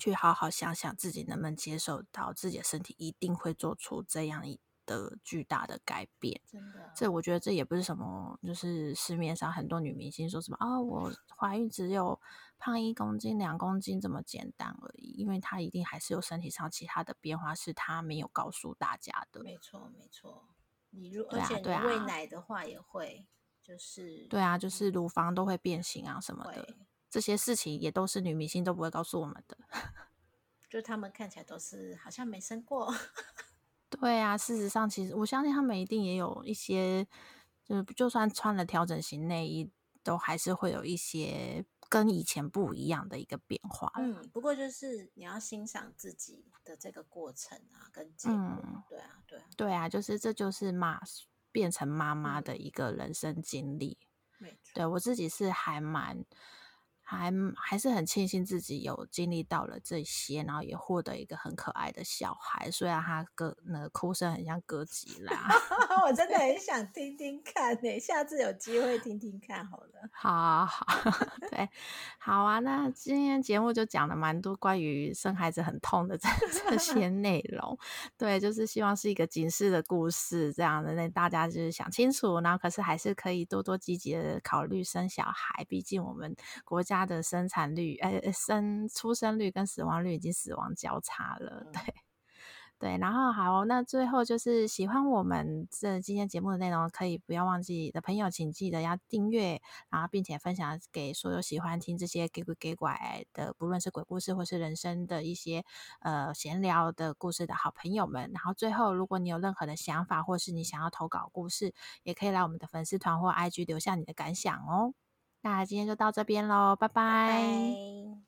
去好好想想自己能不能接受到自己的身體一定會做出這樣一的巨大的改變。真的，啊，這我覺得這也不是什麼，就是市面上很多女明星說什麼啊，哦，我懷孕只有胖一公斤、兩公斤這麼簡單而已，因為她一定還是有身體上其他的變化，是她沒有告訴大家的。沒錯，沒錯，你如果對啊，對啊，餵奶的話，也會就是對啊，對啊，對啊，就是乳房都會變形啊什麼的。這些事情也都是女明星都不會告訴我們的， [laughs] 就他們看起來都是好像沒生過。 [laughs] 對啊，事實上，其實我相信他們一定也有一些，就是就算穿了調整型內衣，都還是會有一些跟以前不一樣的一個變化。嗯，不過就是你要欣賞自己的這個過程啊，跟結果。嗯、對啊，對啊，對啊，就是這就是媽變成媽媽的一個人生經歷。嗯嗯，對，我自己是還蠻。還還是很慶幸自己有經歷到了這些，然後也獲得一個很可愛的小孩，雖然他歌那個哭聲很像歌姬啦。 [laughs] 我真的很想聽聽看呢、欸， [laughs] 下次有機會聽聽看好了。好、啊，好，對，好啊。那今天節目就講了蠻多關於生孩子很痛的這這些內容，對，就是希望是一個警示的故事這樣的，那大家就是想清楚，然後可是還是可以多多積極的考慮生小孩，畢竟我們國家。它的生產率、欸、生出生率跟死亡率已經死亡交叉了，對對。然後好，那最後就是喜歡我們這今天節目的內容，可以不要忘記的朋友，請記得要訂閱，然後並且分享給所有喜歡聽這些鬼鬼怪怪的，不論是鬼故事或是人生的一些呃閒聊的故事的好朋友們。然後最後，如果你有任何的想法，或是你想要投稿故事，也可以來我們的粉絲團或 IG 留下你的感想哦。那今天就到這邊嘍，拜拜。拜拜。